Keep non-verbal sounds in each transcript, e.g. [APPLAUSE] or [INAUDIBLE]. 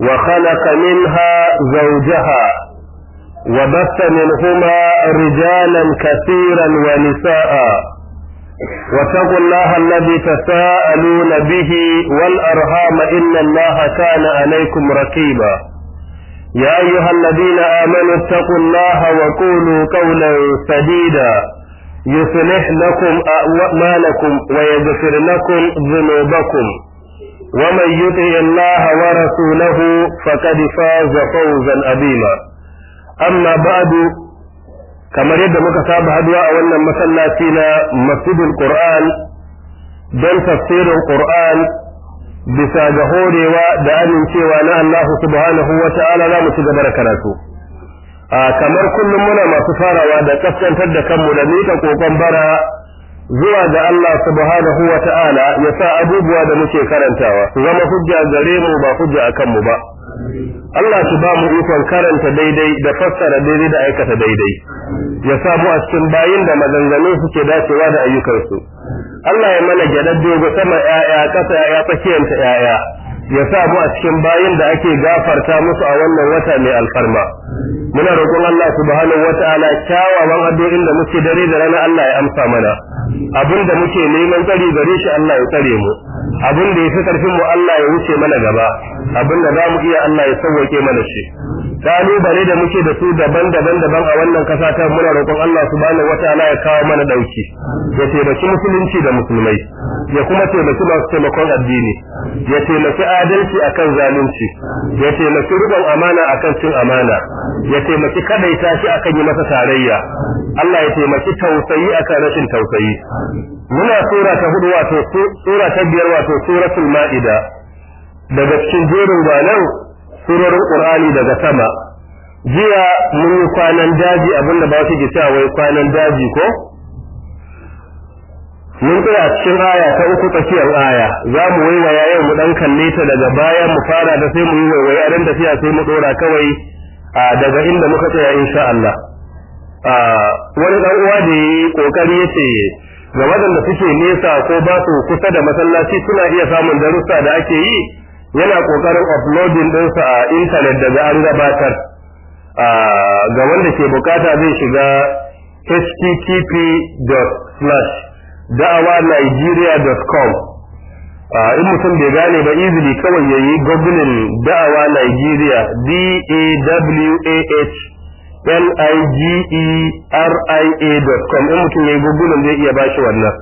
وخلق منها زوجها وبث منهما رجالا كثيرا ونساء واتقوا الله الذي تساءلون به والأرهام إن الله كان عليكم رقيبا يا أيها الذين آمنوا اتقوا الله وقولوا قولا سديدا يصلح لكم أعمالكم ويغفر لكم ذنوبكم ومن يطع الله ورسوله فقد فاز فوزا عظيما أما بعد kamar yadda muka saba haduwa a wannan masallaci na masjidul qur'an don tafsirin qur'an bisa ga horewa da amincewa na Allah subhanahu wa ta'ala za mu ci gaba da karatu a kamar kullum muna masu farawa da kaskantar da kanmu da miƙa kokon bara zuwa ga Allah subhanahu wa ta'ala ya sa abubuwa da muke karantawa zama hujja gare mu ba hujja akan mu ba Allah su ba mu ikon karanta daidai da fassara daidai da aikata daidai ya sa mu a cikin bayin da maganganun suke dacewa da ayyukansu Allah ya mana gyadar dogo sama ƴaƴa ƙasa ƴaƴa tsakiyanta ƴaƴa ya sa mu a cikin bayin da ake gafarta musu a wannan wata mai alfarma muna roƙon Allah subhanahu ta'ala kyawawan addu'o'in da muke dare da rana Allah ya amsa mana abin da muke neman tsari gare shi Allah ya tsare mu abin da ya fi karfin mu Allah ya wuce mana gaba abin da zamu iya Allah ya sauke mana shi kalubale da muke da su daban-daban daban a wannan kasa ta muna roƙon Allah subhanahu wataala ya kawo mana dauki ya taimaki musulunci da musulmai ya kuma taimaki masu taimakon addini ya taimaki adalci akan zalunci ya taimaki rubon amana akan cin amana ya taimaki kadaita shi akan yi masa tarayya Allah ya taimaki tausayi akan rashin tausayi muna sura ta hudu wato sura ta biyar wato suratul ma'ida daga cikin jerin gwanan surar qur'ani daga sama jiya mun yi kwanan daji abinda ba su ke cewa wai kwanan daji ko mun tsaya cikin aya ta uku tsakiyar aya za mu waiwaya yau mu dan kalle ta daga baya mu fara da sai mu yi waiwaya dan tafiya sai mu dora kawai daga inda muka tsaya insha Allah wani dan uwa da yi kokari yace ga waɗanda suke nesa ko ba su kusa da masallaci suna iya samun darussa da ake yi yana ƙoƙarin uploading ɗinsa a intanet daga an gabatar ga wanda ke bukata zai shiga http slash a in mutum bai gane ba easily kawai yayi googling da'awa nigeria d a w a h ligeria.com in mutum ya gugunan zai iya bashi wannan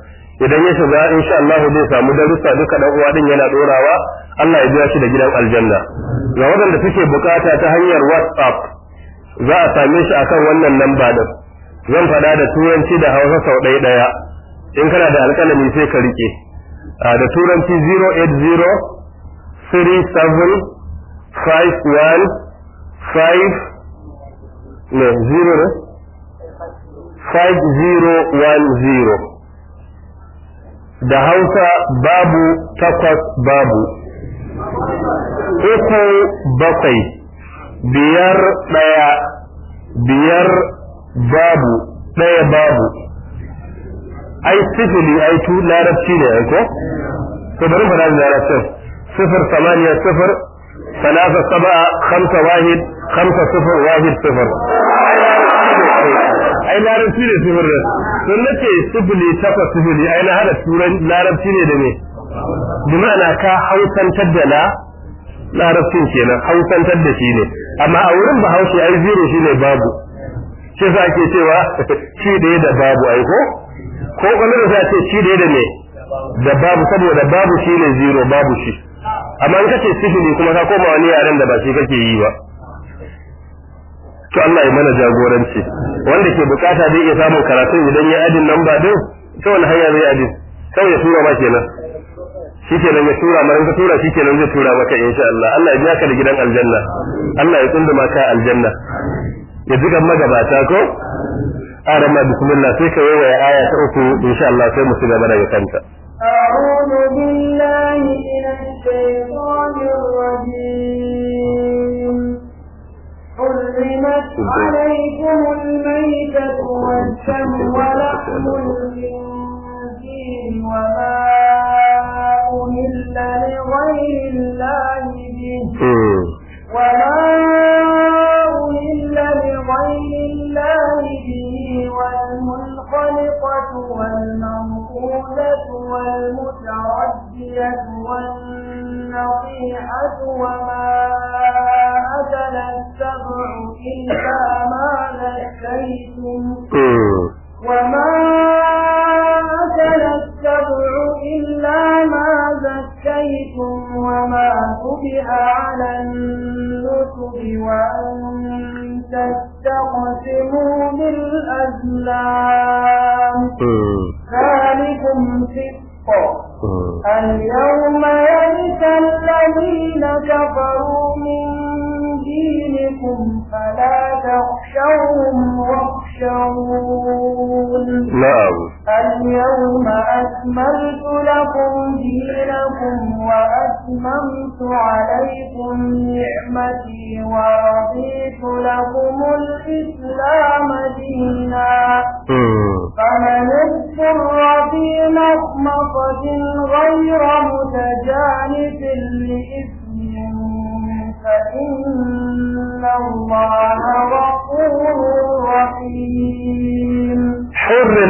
idan ya shiga insha Allah zai samu darussa duka dan uwa din yana dorawa Allah ya biya shi da gidan aljanna ga waɗanda suke bukata ta hanyar WhatsApp za a same shi akan wannan lamba din zan fada da turanci da Hausa sau ɗaya ɗaya in kana da alƙalami sai ka rike da turanci 080 37 51 5 ne zero ne zero. da hausa babu takwas babu uku bakwai biyar ɗaya biyar babu ɗaya babu ai sifili ai tu larabci ne ai ko to bari mu da larabci sifir samaniya sifir ثلاثة سبعة خمسة واحد خمسة صفر واحد صفر ai larabci ne sifir da sun nace sifili takwas sifili ai na hada turan larabci ne da me bi ma'ana ka hausantar da na larabcin kenan hausantar da shi ne amma a wurin bahaushe ai zero shi ne babu shi za ke cewa shi da da babu ai ko ko wani da za ce shi da da me da babu saboda babu shi ne zero babu shi amma in kace sifili kuma ka koma wani yaren da ba shi kake yi ba to Allah ya mana jagoranci wanda ke bukata zai iya samun karatu idan ya adin nan ba din ta wani hanya zai adin kawai ya tura ma kenan shi kenan ya tura ma in ka tura shi kenan zai tura maka insha Allah Allah ya biya ka da gidan aljanna Allah ya tsunduma ka aljanna ya ji gan magabata ko arama bismillah sai ka waya aya ta uku insha Allah sai mu ci gaba daga kanta a'udhu حرمت عليكم الميتة والدم ولحم الخنزير وما أهل لغير الله به وما أهل لغير الله به والمنخلقة والمنقولة والمتردية والنصيحة وما إلا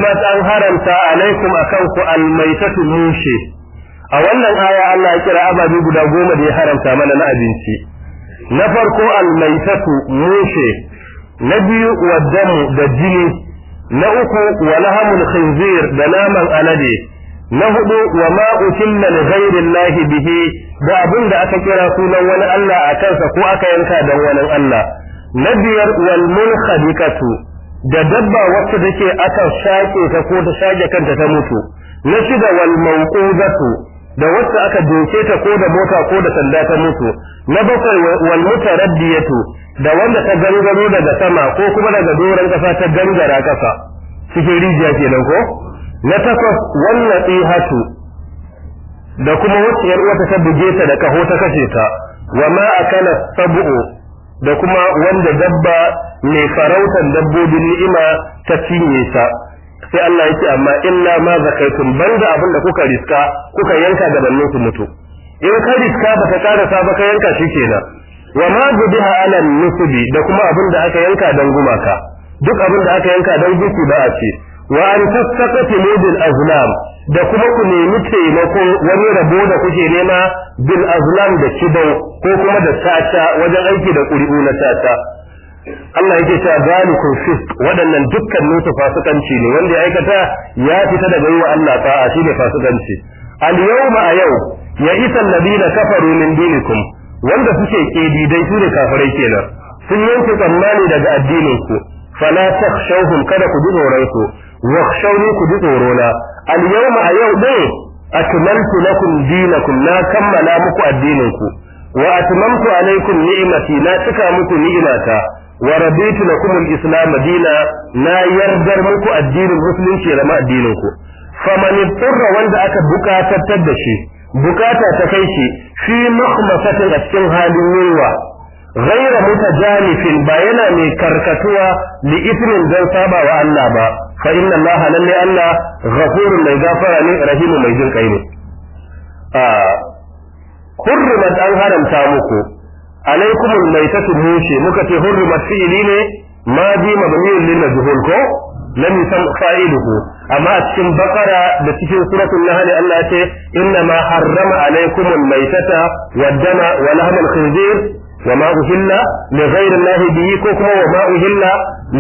kuma an haramta alaikum akan ku almaitatu mushe a wannan aya Allah ya kira ababe guda goma da ya haramta mana na abinci na farko almaitatu mushe na biyu waddamu da jini na uku wa lahamul khinzir da naman alade na hudu wa ma ukilla li ghairillahi bihi da abin da aka kira sunan wani Allah a kansa ko aka yanka dan wani Allah na biyar wal munkhadikatu da dabba wacce take aka shaƙe ta ko ta shage kanta ta mutu na shida wal mauqudatu da wacce aka doke ta ko da mota ko da sanda ta mutu na bakwai wal mutaraddiyatu da wanda ta gangaro daga sama ko kuma daga doron kasa ta gangara kasa cikin rijiya kenan ko na takwas wannan ihatu da kuma wacce yar uwa ta buge ta da kaho ta kashe ta wa ma akala sabu da kuma wanda dabba mai dabbobi dabbobin ni'ima ta cinye sa, sai Allah ya ce amma illa ma zakaitum banda abin da kuka riska kuka yanka gabanin ku mutu in ka riska ba tsara sa ba ka yanka shi kenan. wa ma zubiha ala nusubi da kuma abin da aka yanka dan gumaka duk abin da aka yanka dan guki ba a ce wa an tastaqtimu bil azlam da kuma ku nemi taimako wani rabo da kuke nema bil azlam da kidau ko kuma da tata wajen aiki da ƙuri'u na tata Allah yake cewa zalikum fisk waɗannan dukkan nutu fasikanci ne wanda ya aikata ya fita daga yi wa Allah ta'a shi ne fasikanci al yawma a yau ya isa alladina kafaru min dinikum wanda suke kedidai su ne kafirai kenan sun yanke tsammani daga addinin ku fala takhshawhum kada ku ji tsoron su wakhshawni ku ji tsorona al yawma a yau din atmamtu lakum dinakum na kammala muku addinin ku wa atmamtu alaikum ni'mati na cika muku ni'imata wa raditu lakum al-islam dina na yardar muku addinin musulunci da ma addinin ku faman turra wanda aka bukatar da shi bukata ta kai shi fi mahmasatin a cikin halin yunwa ghaira mutajanifin ba yana mai karkatuwa li ibnin dan saba wa Allah ba fa inna Allah lalle Allah ghafurun mai gafara ne rahimu mai jin kai ne a ah, hurrimat an haramta muku alaikumul maitatu mushe muka ce hurrimat fi'ili ne ma bi mabniyun lil majhul ko lam yusam fa'iluhu amma a cikin bakara da cikin suratul nahl Allah ya ce inna ma harrama alaikumul maitata waddama wa lahmal khinzir wa ma uhilla li ghayri Allah bihi ko kuma wa ma uhilla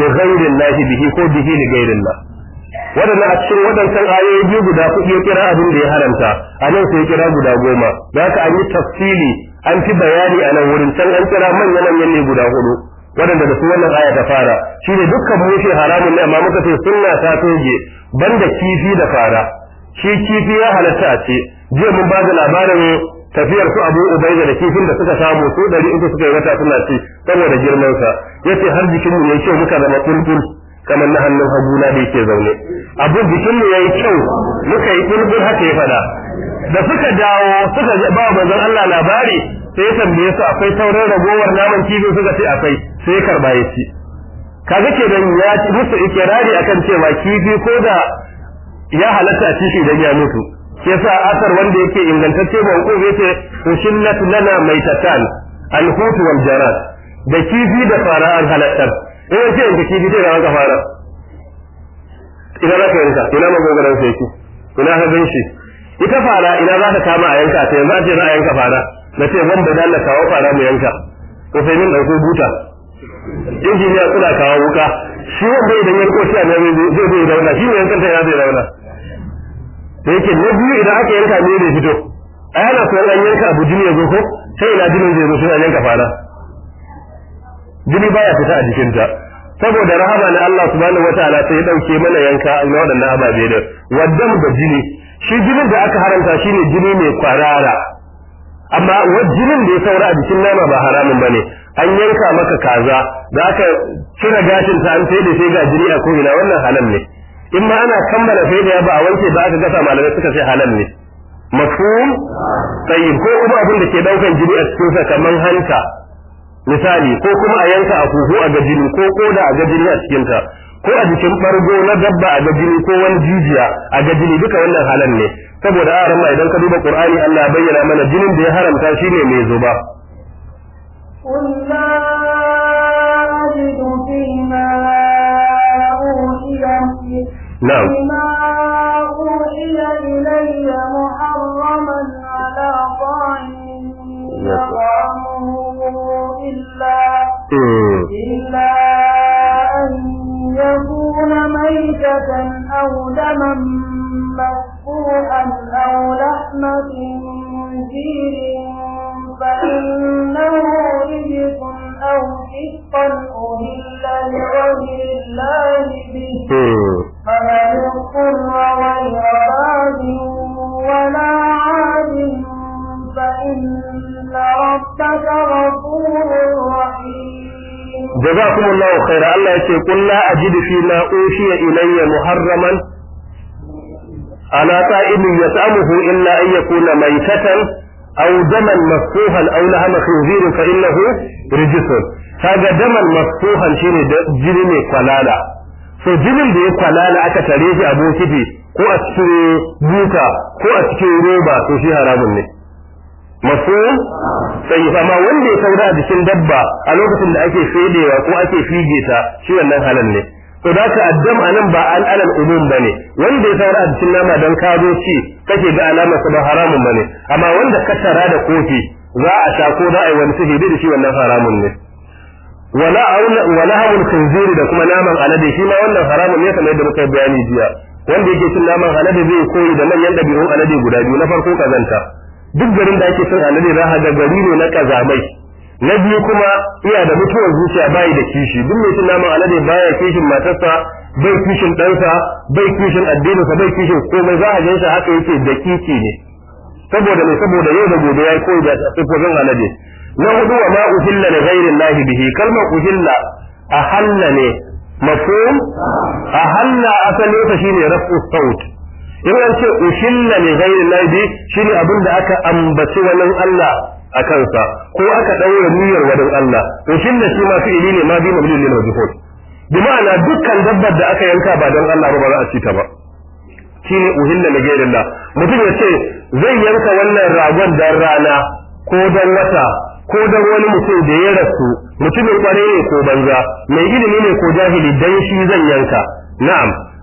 li ghayri Allah bihi ko bihi li ghayri Allah a cikin waɗancan ayoyi biyu guda kuɗi ya kira abin da ya haramta a nan sai kira guda goma da haka an yi tafsili an fi bayani a nan wurin can an kira manya manyan ne guda hudu waɗanda da su wannan aya ta fara shi ne dukkan mu ce haramun ne amma muka ce sunna ta toge banda kifi da fara shi kifi ya halatta a ce jiya mun ba da labarin tafiyar su abu ubaida da kifin da suka samu su ɗari uku suka yi wata suna ci saboda girmansa ce har jikin mu ya kyau muka zama tuntun kamar na hannun na da yake zaune abin jikin mu yi kyau muka yi tuntun haka ya faɗa da suka dawo suka ba manzon Allah labari sai ya tambaye su akwai taurin ragowar naman kifi suka ce akwai sai ya karba ya ci kaga dan ya musu ikirari akan cewa kifi ko da ya halatta a cikin idan ya mutu sa asar wanda yake ingantacce ba ko to ushillat lana maitatan alhut wal jarat da kifi da fara an halatta eh sai da kifi sai ga fara ina za ka yanka ina magogaran sai ki ina ka gan shi ita fara ina za ta kama a yanka ta yanzu an ce za a yanka fara na ce ban da dalla kawo fara mu yanka ko sai min ɗauko buta injiniya kuna kawo wuka shi wanda idan ya riko shi a nan zai zai rauna shi ne yankan ta yana zai rauna da yake na biyu idan aka yanka ne da fito a yana koyar an yanka abu jini ya zo ko sai ina jinin zai zo sai yanka fara jini baya fita a jikinta saboda rahama na Allah subhanahu wataala sai ya dauke mana yanka na waɗannan ababe da waddam da jini shi jinin da aka haramta shine jini mai kwarara amma jinin da ya saura a jikin nama ba haramun ba ne. an yanka maka kaza da aka cire gashin ta an sai da sai ga jini a ko'ina wannan halal ne in ma ana kammala sai da ba a wanke ba aka gasa malamai suka ce halal ne mafhum sai ko kuma abin da ke daukan jini a cikin sa kaman hanta misali ko kuma a yanka a kuhu a ga jini ko koda a ga jini a cikinta. ko a jikin ɓargo na dabba a gajini ko wani jijiya a gajini duka wannan halar ne saboda a idan ka duba qur'ani Allah bayyana mana jinin da ya haramta shine mai zuba قل لا أو دما مفتوحا أو لحم أجد فيما أوحي إلي محرما على طائب يطعمه إلا أن يكون ميتة أو دما مفتوحا أو لحم خنزير فإنه رجس هذا دما مفتوحا شيء جنين كلالا so jinin da ya kwalala aka tare shi a bokiti ko a cikin buta ko a cikin roba to shi haramun ne masu sai amma wanda ya saura a jikin dabba a lokacin da ake fedewa ko ake fige ta shi wannan halin ne to da ka addam nan ba al'alal alal ba ne. wanda ya saura a jikin nama dan ka zo ci kake ga alamar sa ba haramun ba ne. amma wanda ka tara da kofi za a sha ko za a yi wani sihiri da shi wannan haramun ne wala auna wala hawul khinzir da kuma naman alade shi ma wannan haramun ne kamar yadda muka bayani jiya wanda yake cin naman alade zai koyi da manyan dabi'un alade guda biyu na farko kazanta duk garin da ake son alade za ga gari ne na kazamai na biyu kuma iya da mutuwar zuciya bayi da kishi duk mai cin naman alade baya kishin matarsa bai kishin ɗansa bai kishin addininsa bai kishin komai za a gan shi haka yake da kici ne saboda mai saboda yau da gobe ya koyi da sifofin alade na hudu wa ma uhilla li ghairin lahi bihi kalmar uhilla halla ne mafhum ahalla asalin sa shine rafu saut in an ce ushilla li ghayri lahi shine abin da aka ambaci wannan Allah a kansa ko aka daura niyyar wadan Allah uhilla shi ma fi'ili ne ma bi mabni lil majhul bi dukkan dabbar da aka yanka ba dan Allah ba za a ci ta ba shine uhilla li ghayri Allah mutum ya ce zai yanka wannan ragon dan rana ko dan wata ko dan wani mutum da ya rasu mutumin kware ne ko banza mai ilimi ne ko jahili dan shi zan yanka na'am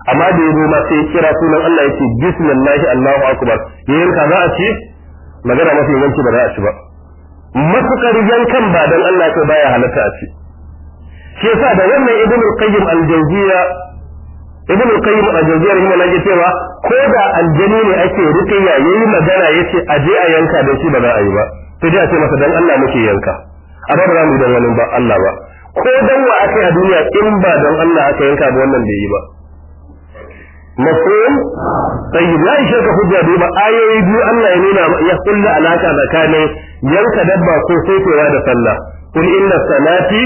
amma da ya ma sai kira sunan Allah ya ce bismillahi Allahu akbar ya yanka za a ci magana mafi yawanci ba za a ci ba matukar yankan ba dan Allah ko baya halatta a ci shi yasa da wannan ibnu qayyim al-jawziya ibnu qayyim al cewa ko da aljani ne ake ya yayi magana yace a je a yanka da shi ba za a yi ba sai dai a ce masa dan Allah muke yanka a ba za mu dan wani ba Allah ba ko dan wa ake a duniya in ba don Allah aka yanka ba wannan bai yi ba mafhum tayyib ya ishe ka hujja duba ayoyi biyu Allah ya nuna ya kulla alaka tsakanin yanka dabba ko saitewa da sallah kul inna salati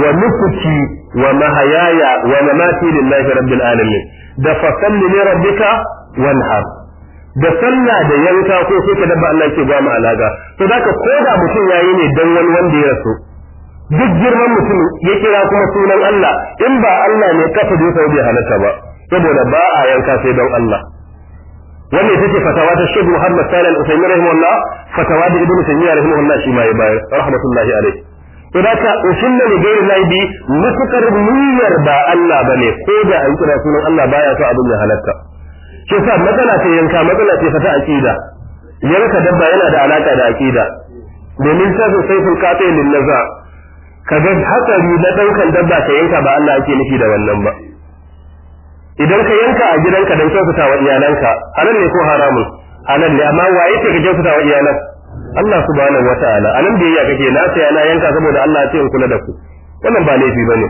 wa nusuki wa mahayaya wa mamati lillahi rabbil alamin da fasalli li rabbika wanhar da sallah da yanka ko sai dabba Allah ke ba mu alaka to zaka koda mutum ya yi ne dan wani wanda ya rasu duk girman mutum ya kira kuma sunan Allah in ba Allah ne kafa da ya bai halatta ba saboda ba a yanka sai don Allah wannan ita ce fatawa ta Sheikh Muhammad Salih Al-Uthaymeen rahimahullah fatawa da Ibn Taymiyyah rahimahullah shi ma ya bayar rahmatullahi alayh to da ka usulla ne gairu laibi mutukar niyyar ba Allah bane ko da an kira sunan Allah baya so abin ya halatta shi sa matsala ce yanka matsala ce fata aqida yanka dabba yana da alaka da aqida domin ta sai ful kafe lin naza kaga hatsari na daukan dabba ta yanka ba Allah ake nufi da wannan ba idan ka yanka a gidanka don kyautata wa iyalanka halal ne ko haramun halal ne amma waye ce ka kyautata wa iyalan Allah subhanahu wataala anan biyayya kake na saya na yanka saboda Allah ya ce in kula da ku wannan ba laifi bane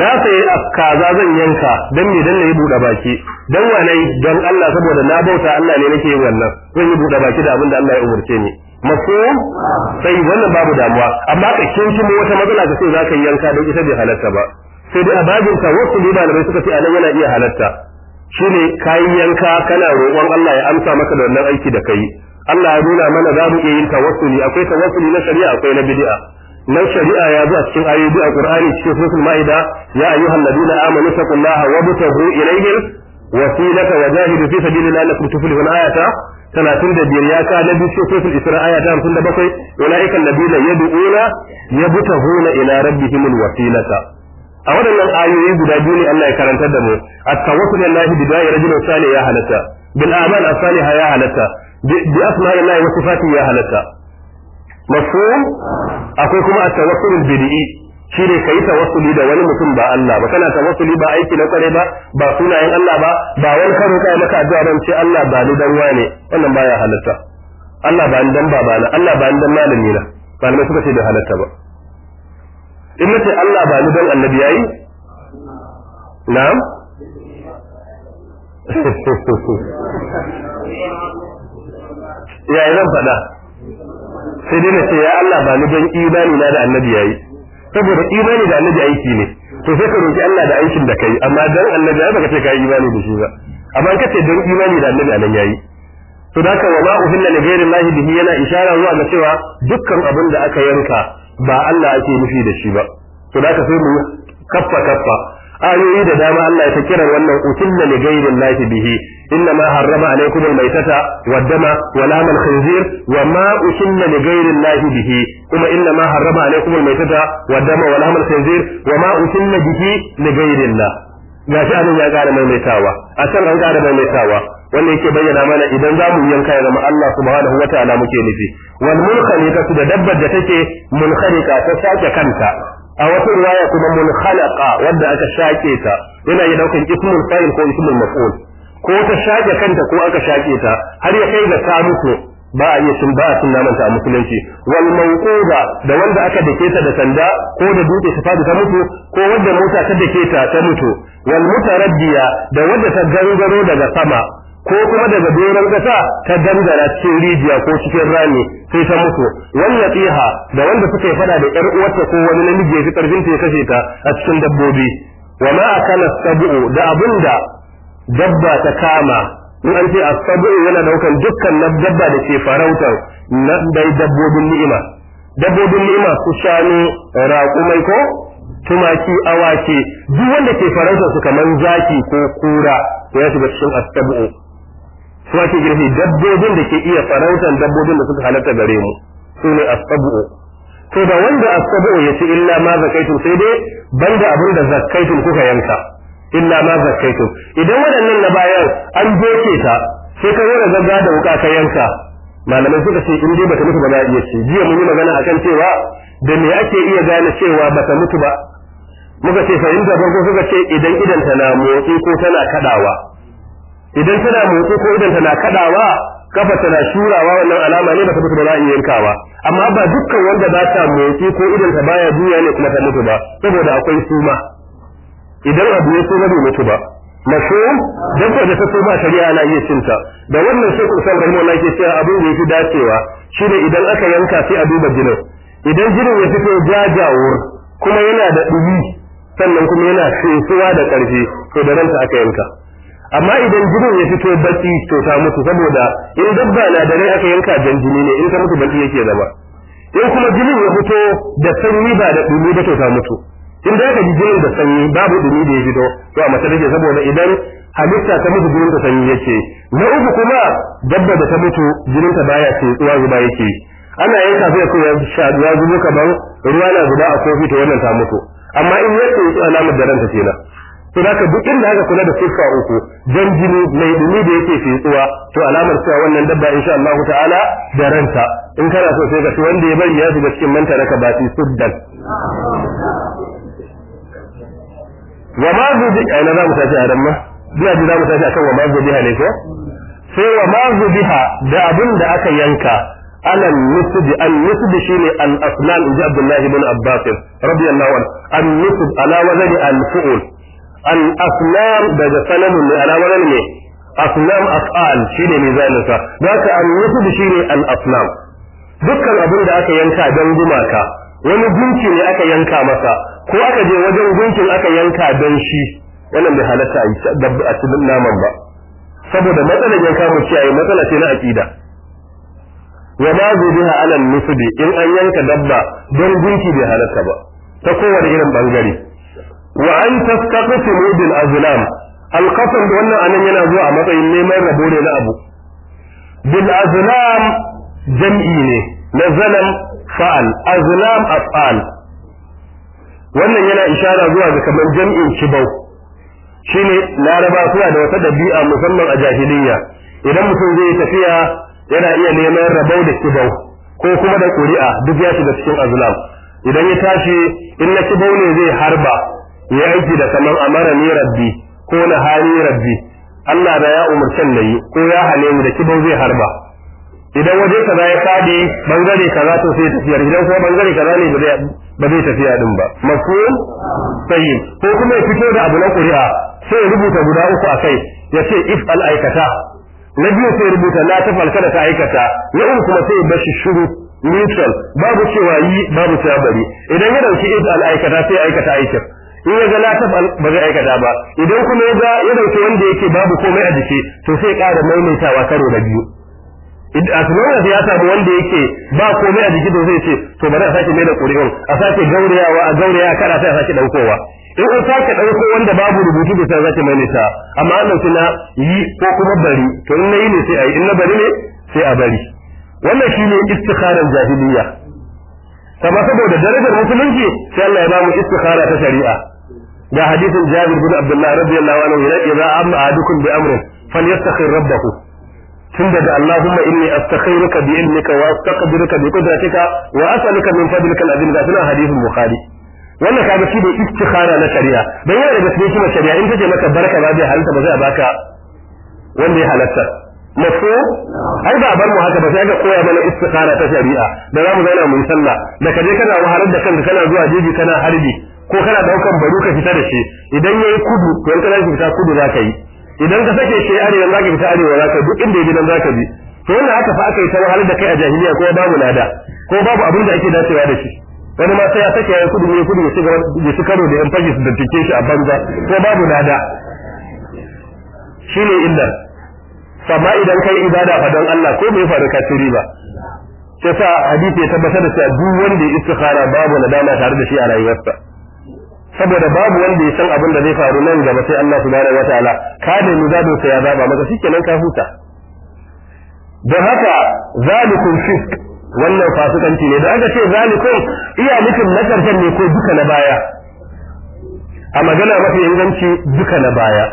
na sayi kaza zan yanka dan me dan nayi buɗe baki dan wane dan Allah saboda na bauta Allah ne nake yin wannan zan yi buɗe baki da abin da Allah ya umurce ni mafhum sai wannan babu damuwa amma ka kinkimo wata matsala ka ce zaka yanka don ita bai halatta ba sai dai a babin sa wasu ne malamai suka ce anan yana iya halatta shine kayan yanka kana roƙon Allah ya amsa maka da wannan aiki da kai Allah ya nuna mana za mu iya yin tawassuli akwai tawassuli na shari'a akwai na bid'a na shari'a ya zo a cikin ayoyi a Qur'ani cikin suratul Maida ya ayyuhal ladina amanu taqullaha wa butahu ilayhi wasilata wa jahidu fi sabilillahi lakum tuflihun ayata talatin da biyar ya ka na biyu suratul Isra aya ta hamsin da bakwai ulaiikal ladina yad'una yabtahuna ila rabbihimul wasilata a waɗannan ayoyi guda biyu ne Allah ya karantar da mu at-tawakkul lillahi bi da'i rajul salih ya halata bil a'mal as-salihah ya halata. bi asma'illahi wa sifatihi ya halata. mafhum akwai kuma at-tawakkul bid'i shi ne kai tawassuli da wani mutum ba Allah ba kana tawassuli ba aiki na kware ba ba sunayen Allah ba ba wani karo kai maka addu'a ban ce Allah ba ni dan wane wannan baya halatta Allah ba ni dan baba na Allah ba ni dan malami na malamai suka ce da halatta ba in nace Allah ba ni dan annabi yayi na'am ya zan faɗa sai dai nace ya Allah ba ni dan imani na da annabi yayi saboda imani da annabi aiki ne to sai ka roki Allah da aikin da kai amma dan annabi ba ka ce kai imani da shi ba amma ce dan imani da annabi anan yayi to da ka wa ma uhilla li ghayri Allah bihi yana isharar zuwa ga cewa dukkan abin da aka yanka ba Allah ake nufi da shi ba to da ka sai mu kaffa kaffa ayoyi da dama Allah ya ta kira wannan utunna li ghayri llahi bihi inna ma harrama alaykum almaytata waddama wa lamal khinzir wa ma utunna li ghayri llahi bihi kuma inna ma harrama alaykum almaytata waddama wa lamal khinzir wa ma utunna bihi li ghayri llah gashi anan ya ƙara maimaitawa a can an ƙara maimaitawa wannan yake bayyana mana idan za mu yanka ya zama Allah subhanahu wa ta'ala muke nufi wal mulkhaliqatu da dabbar da take mulkhaliqa ta sake kanta a wata riwaya kuma mulkhalaqa wanda aka shake ta yana yi daukan ismul fa'il ko ismul maf'ul ko ta shake kanta ko aka shake ta har ya kai ga ta mutu ba a yi sun ba a sun namanta a musulunci wal mawquda da wanda aka dake ta da sanda ko da dutse ta fadi ta mutu ko wanda mota ta dake ta ta mutu wal mutaraddiya da wanda ta gangaro daga sama ko kuma daga doron kasa, ta gangara cikin rijiya ko cikin rami sai ta mutu wannan tsiha da wanda suka yi fada da ƴar uwarta ko wani namiji ya fi ƙarfin ta kashe ta a cikin dabbobi wa ma akala sabu da abinda dabba ta kama in an ce asabu yana daukan dukkan na dabba da ke farautar na dai dabbobin ni'ima dabbobin ni'ima su shanu raƙumai ko tumaki awaki duk wanda ke farautar su kamar zaki ko kura ya shiga cikin asabu su ake girki dabbobin da ke iya farautan dabbobin da suka halatta gare mu su ne asabu'u to da wanda asabu'u ya ce illa ma zakaitu sai dai banda abin da zakaitu kuka yanka illa ma zakaitu idan waɗannan na bayan an doke ta sai ka wani gagga da wuka ka yanka malamai suka ce in dai bata mutu ba a iya ce, jiya mun yi magana akan cewa da me ake iya gane cewa bata mutu ba muka ce fahimta farko suka ce idan idan ta na motsi ko tana kaɗawa? idan tana motsi ko idan tana kadawa kafa tana shurawa wannan alama ne da ta ba za a iya yankawa amma ba dukkan wanda ba ta motsi ko idan ta baya juya ne kuma ta mutu ba saboda akwai suma idan abu ya na bai mutu ba Dan dabba da ta suma shari'a na iya cinta da wannan kusan islam rahimahullah ke cewa abin da fi dacewa shine idan aka yanka sai a duba jinin idan jinin ya fito jajawur kuma yana da ɗubi, sannan kuma yana fesuwa da ƙarfi to da ranta aka yanka amma idan jinin ya fito baki to ta mutu saboda in dabba na da rai aka yanka jan jini ne in ka mutu baki yake zama in kuma jinin ya fito da sanyi ba da dumi ba to ta mutu in da aka ji jinin da sanyi babu dumi da ya fito to a mace take saboda idan halitta ta mutu jinin ta sanyi yake na uku kuma dabba da ta mutu jinin ta baya ce tsuwa zuba yake ana yanka sai ko ya shaɗu ya kamar ruwa na guda a kofi to wannan ta mutu amma in ya alamar da ranta na. to da duk inda aka kula da siffa uku jan jini mai dumi da yake fitsuwa to alamar cewa wannan dabba insha Allah ta'ala da ranta in kana so sai ka ci wanda ya bari ya shiga cikin manta raka ba ti suddan wa ma zubi ai na mu tafi a ran ma biya ji mu tafi akan wa ma zubi ne ko sai wa ma zubi da abin da aka yanka alal nisb an shi shine al aslan ibn Abdullah ibn Abbas radiyallahu anhu an nisb ala wazni al fu'ul al daga sanamun ne alamar ne asnam af'al shine nasa sa haka an-nusb shi ne asnam dukkan abin da aka yanka don gumaka wani gunki ne aka yanka masa ko aka je wajen gunkin aka yanka don shi wannan bai halatta a cikin naman ba saboda matsalar yanka mu ciyayi matsala ce na aqida wa ma biha ala nusbi in an yanka dabba don gunki bai halatta ba ta kowane irin bangare wa an tasqatu bil azlam alqasam da wannan anan yana zuwa a matsayin neman rabo ne na abu bil azlam jam'i ne na zalam fa'al azlam af'al wannan yana ishara zuwa ga kamar jam'in kibau shine laraba suna da wata dabi'a musamman a jahiliyya idan mutum zai tafiya yana iya neman rabo da kibau ko kuma da ƙuri'a duk ya shiga cikin azlam idan ya tashi in na kibau ne zai harba ya aiki da kaman amara ni rabbi ko na hani rabbi Allah da ya umarci nayi ko ya hane mu da kibau zai harba idan waje kaza ya fadi bangare kaza to sai tafiya idan kuma bangare kaza ne ba zai ba zai tafiya din ba mafhum sai ko kuma ya fito da abu na ƙuri'a sai ya rubuta guda uku a kai ya ce if al aikata na biyu sai rubuta la tafal kada ta aikata na uku kuma sai bashi shuru neutral babu cewa yi babu cewa bari idan ya dauki if al aikata sai aikata aiki. in ya ga la tafal ba zai aikata ba idan kuma ya ga ya dauke wanda yake babu komai a jiki to sai ƙara maimaitawa karo da biyu a tunanin ya samu wanda yake ba komai a jiki to zai ce to bari a sake maida ƙuri'un a sake gaurayawa a gauraya kada sai a sake ɗaukowa in an sake ɗauko wanda babu rubutu da sai zaki maimaita amma an ɗauki na yi ko kuma bari to in na yi ne sai a yi in na bari ne sai a bari wannan shi ne istikharar jahiliya kama saboda darajar musulunci sai Allah ya mu istikhara ta shari'a da hadisin Jabir bin Abdullah radiyallahu anhu ya ce za a amma adukum bi amrin falyastakhir rabbahu tun daga Allahumma inni astakhiruka bi ilmika wa astaqdiruka bi qudratika wa as'aluka min fadlika al-azim da sunan hadisin Bukhari wannan kaga shi da istikhara na shari'a dan yana daga cikin kuma shari'a in kace maka barka ba zai halatta ba zai baka wanda ya halatta mafu ai ba bar mu haka ba sai ga koya mana istikhara ta shari'a da zamu zauna mu sallah da kaje kana wahalar da kanka kana zuwa jeji kana harbi ko kana daukan bari ka fita da shi idan yayi kudu to in kana fita kudu za ka yi idan ka sake shi arewa za ka fita arewa za ka duk inda yake nan za ka bi to wannan haka fa aka yi ta halin da kai a jahiliya ko babu lada ko babu abin da ake dacewa da shi wani ma sai ya sake yayi kudu ne kudu ya ci karo da yan fage su dantike shi a banza ko babu lada shine illa amma idan kai ibada fa don Allah ko bai faru ka ci ba sai sa hadisi ya tabbatar da cewa duk wanda ya istikhara babu nadama tare da shi a rayuwarsa saboda babu wanda ya san abin da zai faru nan gaba sai Allah subhanahu ta'ala ka da mu zabo sa ya zaba maka nan ka huta don haka zalikum fisk wannan fasikanci ne da aka ce zalikum iya mutum na karshen ne ko duka na baya a magana mafi inganci duka na baya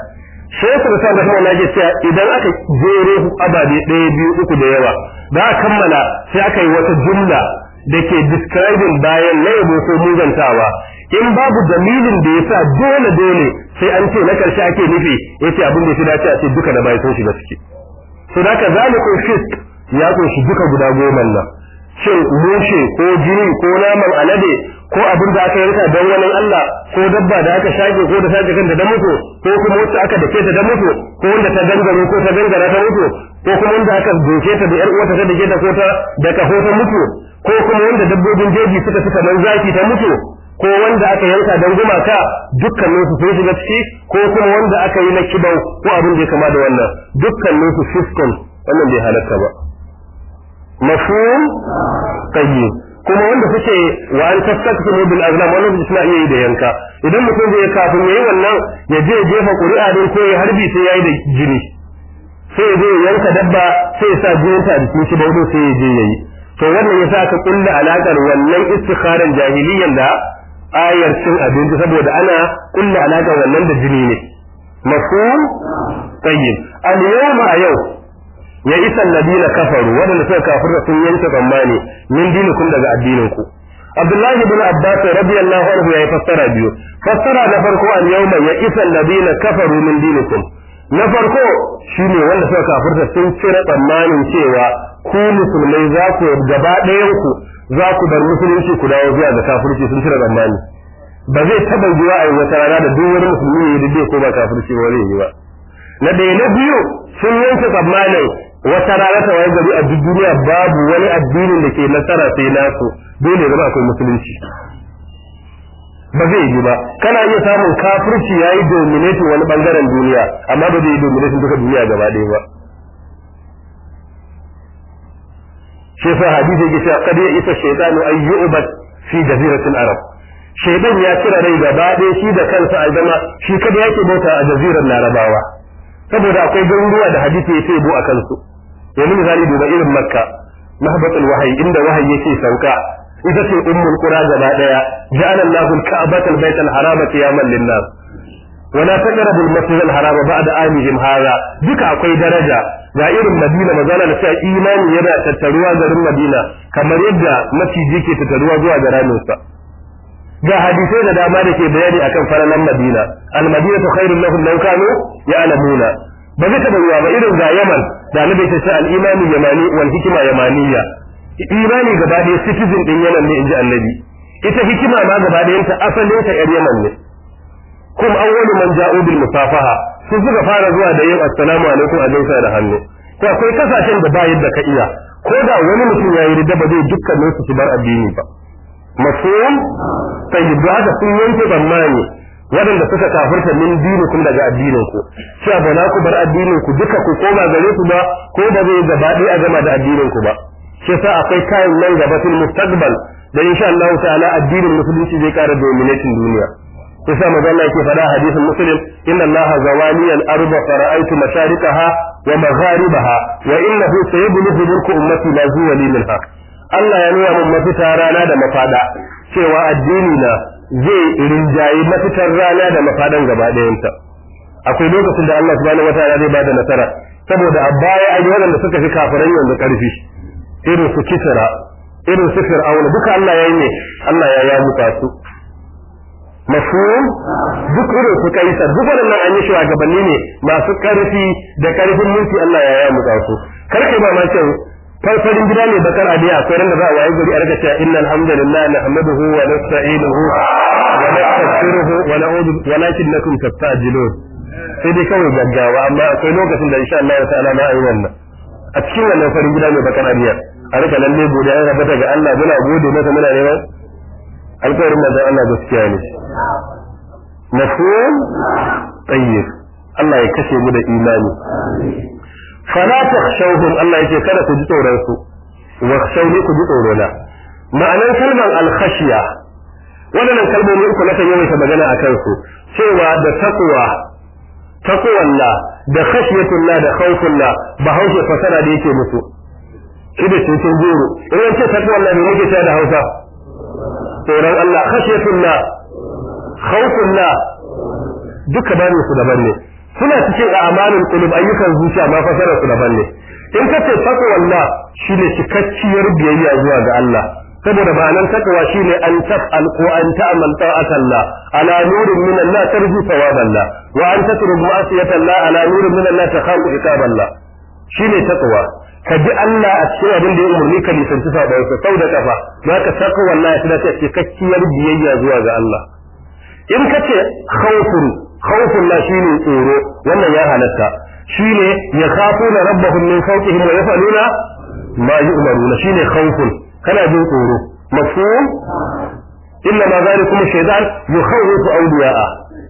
shekul sa da kuma nake cewa idan aka jere ababe ɗaya biyu uku da yawa za a kammala sai aka yi wata jumla da ke describing bayan na ko mugantawa in babu dalilin da ya sa dole dole sai an ce na karshe ake nufi yace abin da ya dace a ce duka da bai sun shiga ciki to da ka zalikun fisk ya kunshi duka guda goma nan shin mushe ko jini ko naman alade ko abin da aka yanka don wani Allah ko dabba da aka shage ko da shage kan da mutu ko kuma wacce aka dake ta da mutu ko wanda ta gangaro ko ta gangara ta mutu ko kuma wanda aka doke ta da yar uwarta ta dake ta ko ta da kafo ta mutu ko kuma wanda dabbobin jeji suka suka nan zaki ta mutu ko wanda aka yanka don gumaka dukkaninsu sun shiga ciki ko kuma wanda aka yi na kibau ko abin da ya kama da wannan dukkaninsu fiskon wannan bai halatta ba mafhum tayyib kuma wanda suke wa an tastaktu bil azlam wannan su suna iya yi da yanka idan mutum zai kafin yayi wannan ya je jefa ƙuri'a din ko ya harbi sai yayi da jini sai ya je yanka dabba sai ya sa jinin ta a jikin shi sai ya je yayi to wannan yasa aka kulla alakar wannan istikharan jahiliyyar da ayar cin abinci saboda ana kulla alaka wannan da jini ne mafhum tayyib al yawma yau ya isa alladina kafaru wadanda suka kafirta sun yanke tsammani min dinikum daga addinin ku Abdullahi ibn Abbas radiyallahu anhu ya fassara biyu fassara na farko al yawma ya isa alladina kafaru min dinikum na farko shine wanda suka kafirta sun cire tsammanin cewa ku musulmai za ku gaba ɗayan ku za ku bar musulunci ku dawo zuwa ga kafirci sun cire zamani ba zai taba zuwa a yi wata rana da duk wani musulmi ya yi ko ba kafirci wani yi ba na ɗaya na biyu sun yanke tsammanin wata rana ta waye gari a duk duniya babu wani addinin da ke nasara sai nasu dole zama akwai musulunci ba zai yi ba kana iya samun kafirci yayi dominating wani bangaren duniya amma ba zai yi dominating duka duniya gaba ɗaya ba shi yasa hadisi yake cewa qad isa shaytanu ay yu'bad fi jaziratil arab shaytan ya cire rai gaba ɗaya shi da kansa a zama shi kada yake bauta a jazirar larabawa saboda akwai garuruwa da hadisi ya ce bu a kansu yanzu misali duba irin makka mahbatul wahayi inda wahayi yake sauka ita ce ummul qura gaba daya ja'ala Allahu al-ka'bata al-bayta al-harama qiyaman lin-nas wala taqrabu al-masjid al-harama ba'da amihim hadha duka akwai daraja ga irin Madina magana da sai imani yana tattaruwa garin Madina kamar yadda maciji ke tattaruwa zuwa ga ga hadisai da dama da ke bayani akan faralan Madina al-Madinatu khairun lahum law kanu ya'lamuna ba zai taɓa ruwa ba irin ga Yaman da ta ce al-imani yamani wal hikima yamaniya imani gaba ɗaya citizen din Yaman ne inji Annabi ita hikima ma gaba ɗayanta asalinta asalin yar Yaman ne hum awwalu man ja'u bil musafaha sun suka fara zuwa da yin assalamu alaikum a gaisa da hannu to akwai kasashen da ba yadda ka iya ko da wani mutum ya yi da ba zai dukkanin su su bar addini ba mafhum tayyib da haka sun yanke tsammani waɗanda suka kafirta min dini kun daga addinin ku cewa ba na ku bar addinin ku duka ku koma gare ku ba ko ba zai gaba ɗaya a gama da addinin ku ba shi sa akwai kayan nan gaba fil mustaqbal da insha Allah ta'ala addinin musulunci zai ƙara dominating duniya kusa manzo Allah yake faɗa hadisin muslim inna Allah zawali al fa ra'aytu masharikaha wa magharibaha wa innahu sayabluhu mulku ummati la zuwali minha Allah ya nuna mun mafita rana da mafada cewa addini na zai rinjayi mafitar rana da mafadan gaba ɗayanta akwai lokacin da Allah subhanahu wataala zai bada nasara saboda a baya a da suka fi kafiran yanzu karfi irin su kisra irin su fir'auna duka Allah ya yi ne Allah ya yi mutasu. mafhum duk irin su sa duk waɗannan an yi shugabanni ne masu karfi da karfin mulki Allah ya ya mutsa su karke ba ma kyau farfarin gida ne bakar adiya akwai ran da za a wayi gari a rika cewa inna alhamdulillah nahmaduhu wa nasta'inuhu wa nastaghfiruhu wa na'udhu lakum tastajilun sai dai kawai gaggawa amma akwai lokacin da insha Allah ta'ala na ayi wannan a cikin wannan farin gida ne bakar adiya a rika lalle godiya ga Allah muna gode masa muna neman alƙawarin da Allah gaskiya ne mafhum tayyib Allah ya kashe mu da imani fala takhshawhum Allah yake kada ku ji tsoronsu. su wa khshawni ku ji tsorona ma'anar kalmar al-khashiya wadannan kalmomi uku nake yawaita magana akan su cewa da takwa takwalla da khashiyatullah da khawfullah ba haushe fasara da yake musu kida ce sun goro idan ce ne yake ta da Hausa tsoron Allah khashiyatullah khawfun la duka bane su daban ne suna cikin amanin qulub ayyukan zuciya ma fasarar su daban ne in kace taqwa shi ne cikakkiyar biyayya zuwa ga Allah saboda ma'anar taqwa shine an taf'al ko an ta'mal ta'atan la ala nurin min Allah tarju thawaban la wa an tatruk ma'siyatan la ala nurin min Allah takhafu iqaban la shine taqwa ka bi Allah a cikin abin da ya umarni ka nisanci sabawa sau da kafa za ka taqwa Allah ya cikakkiyar biyayya zuwa ga Allah in kace khawfun khawfun la shine tsoro wannan ya halatta shine ya khafu na rabbahum min fawqihim wa yaf'aluna ma yu'maruna shine khawfun kana jin tsoro mafhum illa ma zalikum shaytan yukhawwifu awliya'a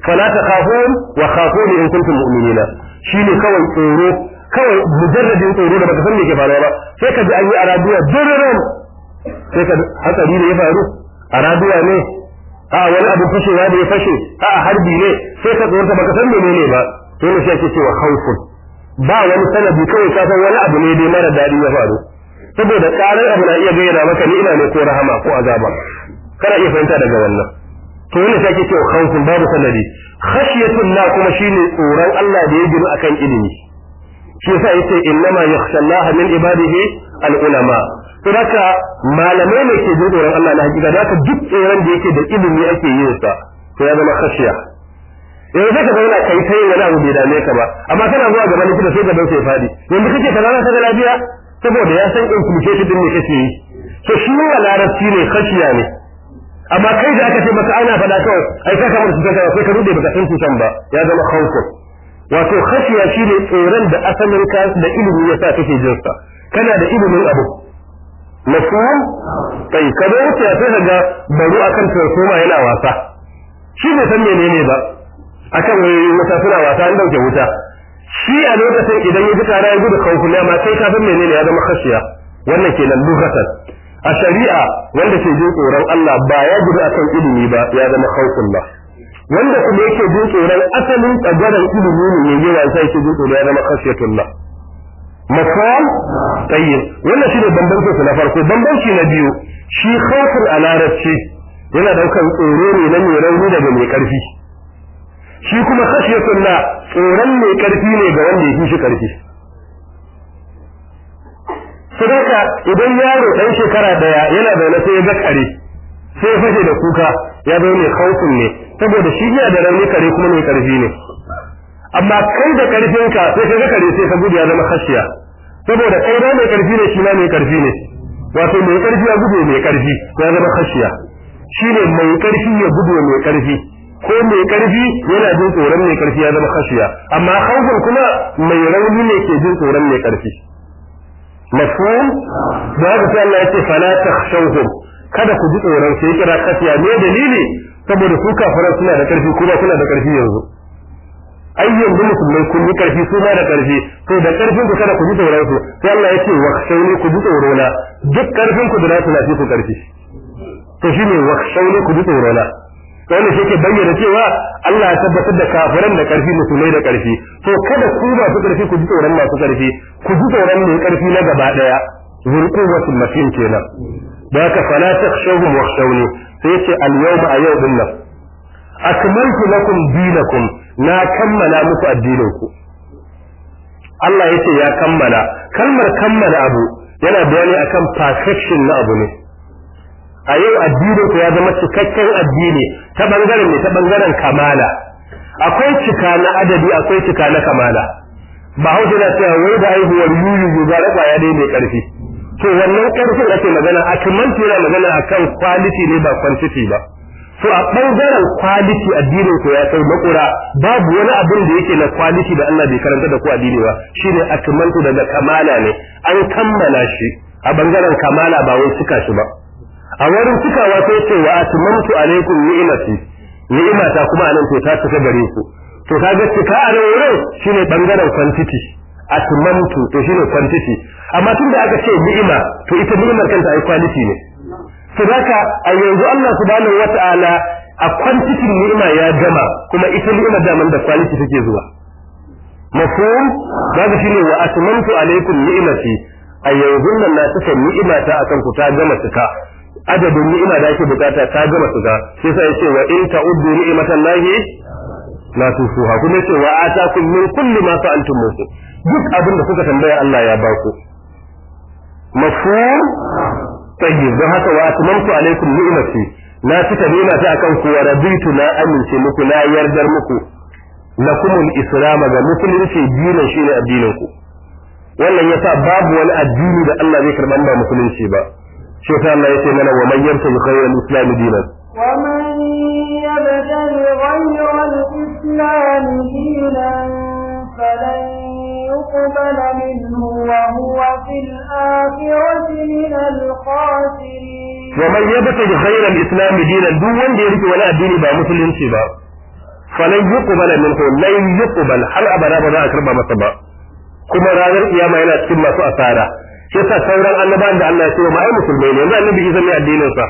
fala takhafun wa khafun in kuntum mu'minina shine kawai tsoro kawai mujarradin tsoro da baka san me ke faruwa ba sai ka ji an yi arabiya jirran sai ka hatsari ne ya faru arabiya ne a wani abu fashewa da ya fashe a harbi ne sai ka tsorta baka san menene ba to ne sai ke cewa haufun ba wani sanadi kawai ka san wani abu ne dai mara dadi ya faru saboda karar abu na iya gayyana maka ina ne ko rahama ko azaba kana iya fahimta daga wannan to ne sai ke cewa haufun babu sanadi khashiyatun la kuma shine tsoron Allah da ya gina akan ilimi shi yasa yace innama yakhshallaha min ibadihi al ulama Saka malamai ne ke jin tsoron Allah na hakika da haka duk tseren da yake da ilimi ake yi sa to ya zama kashiya. Yanzu eh, sai ka zauna kai ta yin wani abu bai dame ka ba amma kana zuwa gaban likita sai gaban sai fadi yanzu kake ka ta ga lafiya saboda ya san implication din ne kake yi. To shi wa larabci ne kashiya ne. amma kai da aka ce maka ana faɗa kawai ai ka kamar cutar kawai sai ka rude baka san cutar ba ya zama khawfu wato khashiya ne tsoron da asalin ka da ilimi ya sa kake jin kana da ilimin abu mafhum kai ka zo wuce sai ka ga baro kan transformer yana wasa shi bai san menene ba akan wayoyin wuta suna wasa an dauke wuta shi a lokacin idan ya ji kara ya gudu kawku ne amma kai ka san menene ya zama kashiya. wannan ke kenan lugatan a shari'a wanda ke jin tsoron Allah ba ya gudu kan ilimi ba ya zama khawfun ba wanda kuma yake jin tsoron asalin tsagaran ilimi ne yayi wasa yake jin tsoron ya zama khashiyatullah mafhum tayyib wannan shine bambancin su na farko bambanci na biyu shi khafir a larabci yana ɗaukan tsoro ne na mai rauni daga mai ƙarfi, shi kuma khashiyatun la tsoron mai ƙarfi ne ga wanda ya fi ƙarfi. karfi sadaka idan yaro ɗan shekara ɗaya yana zaune sai ya ga kare sai ya fashe da kuka ya zo ne khaufin ne saboda shi yana da rauni kare kuma mai ƙarfi ne amma kai da karfinka sai ka ga kare sai ka gudu ya zama khashiya saboda kai da mai karfi ne shi ma mai karfi ne wato mai karfi ya gudu mai karfi ya zama khashiya ne mai karfi ya gudu mai karfi ko mai karfi yana jin tsoron mai karfi ya zama khashiya amma haufin kuma mai rauni ne ke jin tsoron mai karfi mafhum da haka sai Allah ya ce fala takhshawhum kada ku ji tsoron sai kira khashiya ne dalili saboda su kafiran suna da karfi kuma suna da karfi yanzu ai yanzu musulmai kun yi karfi su ma da karfi to da karfin ku kada ku ji tsoron su sai Allah ya ce wa shauni ku ji tsoro na duk karfin ku da nasu na ku karfi to shine wa shauni ku ji tsoro na wani shi ke bayyana cewa Allah ya tabbatar da kafiran da karfi musulmai da karfi to kada ku masu karfi ku ji tsoron masu karfi ku ji tsoron mai karfi na gaba daya zurquwatul matin kenan da haka fala takhshawhum wa khshawni sai ce al a yau din nan akmaltu lakum dinakum na kammala muku addinin ku Allah yace ya kammala kalmar kammala abu yana bayani akan perfection na abu ne a yau addinin ku ya zama cikakken addini ta bangaren ne ta bangaren kamala akwai cika na adadi akwai cika na kamala ba hausa na cewa wai da haihuwar yuyu ga rafa ya dai mai karfi to wannan karfin ake magana a yana magana akan quality ne ba quantity ba to a ɓangaren kwaliti addinin ku ya kai makura babu wani abin da yake na kwaliti da Allah bai karanta da ku addini ba shine akmaltu daga kamala ne an kammala shi a ɓangaren kamala ba wai cika shi ba a wurin cikawa sai ce wa atmamtu alaikum ni'mati ni'mata kuma anan to ta cika gare ku to kaga cika a wurin shine ɓangaren quantity atmamtu to shine quantity amma tunda aka ce ni'ima to ita ni'imar kanta ai quality ne Sadaka a yanzu Allah subhanahu wata'ala a kwantikin ni'ima ya gama kuma ita ni'ima daman da kwaliti take zuwa. Mafhum shi ne wa atmamtu alaikum ni'mati a yanzu nan na cika ni'ima ta akan ku ta gama suka, Adadin ni'ima da ake bukata ta gama suka, Sai sai ce wa in ta'uddu lahi la tusuha kuma ce wa atakum min kulli ma sa'altum musu. Duk abin da kuka tambaya Allah ya ba ku. Mafhum tayyib don haka wa mamtu alaikum ni'mati na cika nima ta akan ku wa rabitu na amince muku na yardar muku lakumul islam ga musulunci dinin shine addinin ku wannan yasa babu wani addini da Allah zai karban ba musulunci ba shi ta Allah yake mana wa man yabtaghi ghayral islam dinan wa man islam dinan يقبل منه وهو في الآخرة من الخاسرين ومن يبتغ غير الإسلام دينا دون دينك ولا دين با مسلم شبا فلن يقبل منه لن يقبل هل أبدا بدا أكرم مسبا كما yana cikin masu asara. سأسارا yasa sauran annabawan da Allah ya ce ma ai musulmai ne yanzu annabi Isa ne addinin sa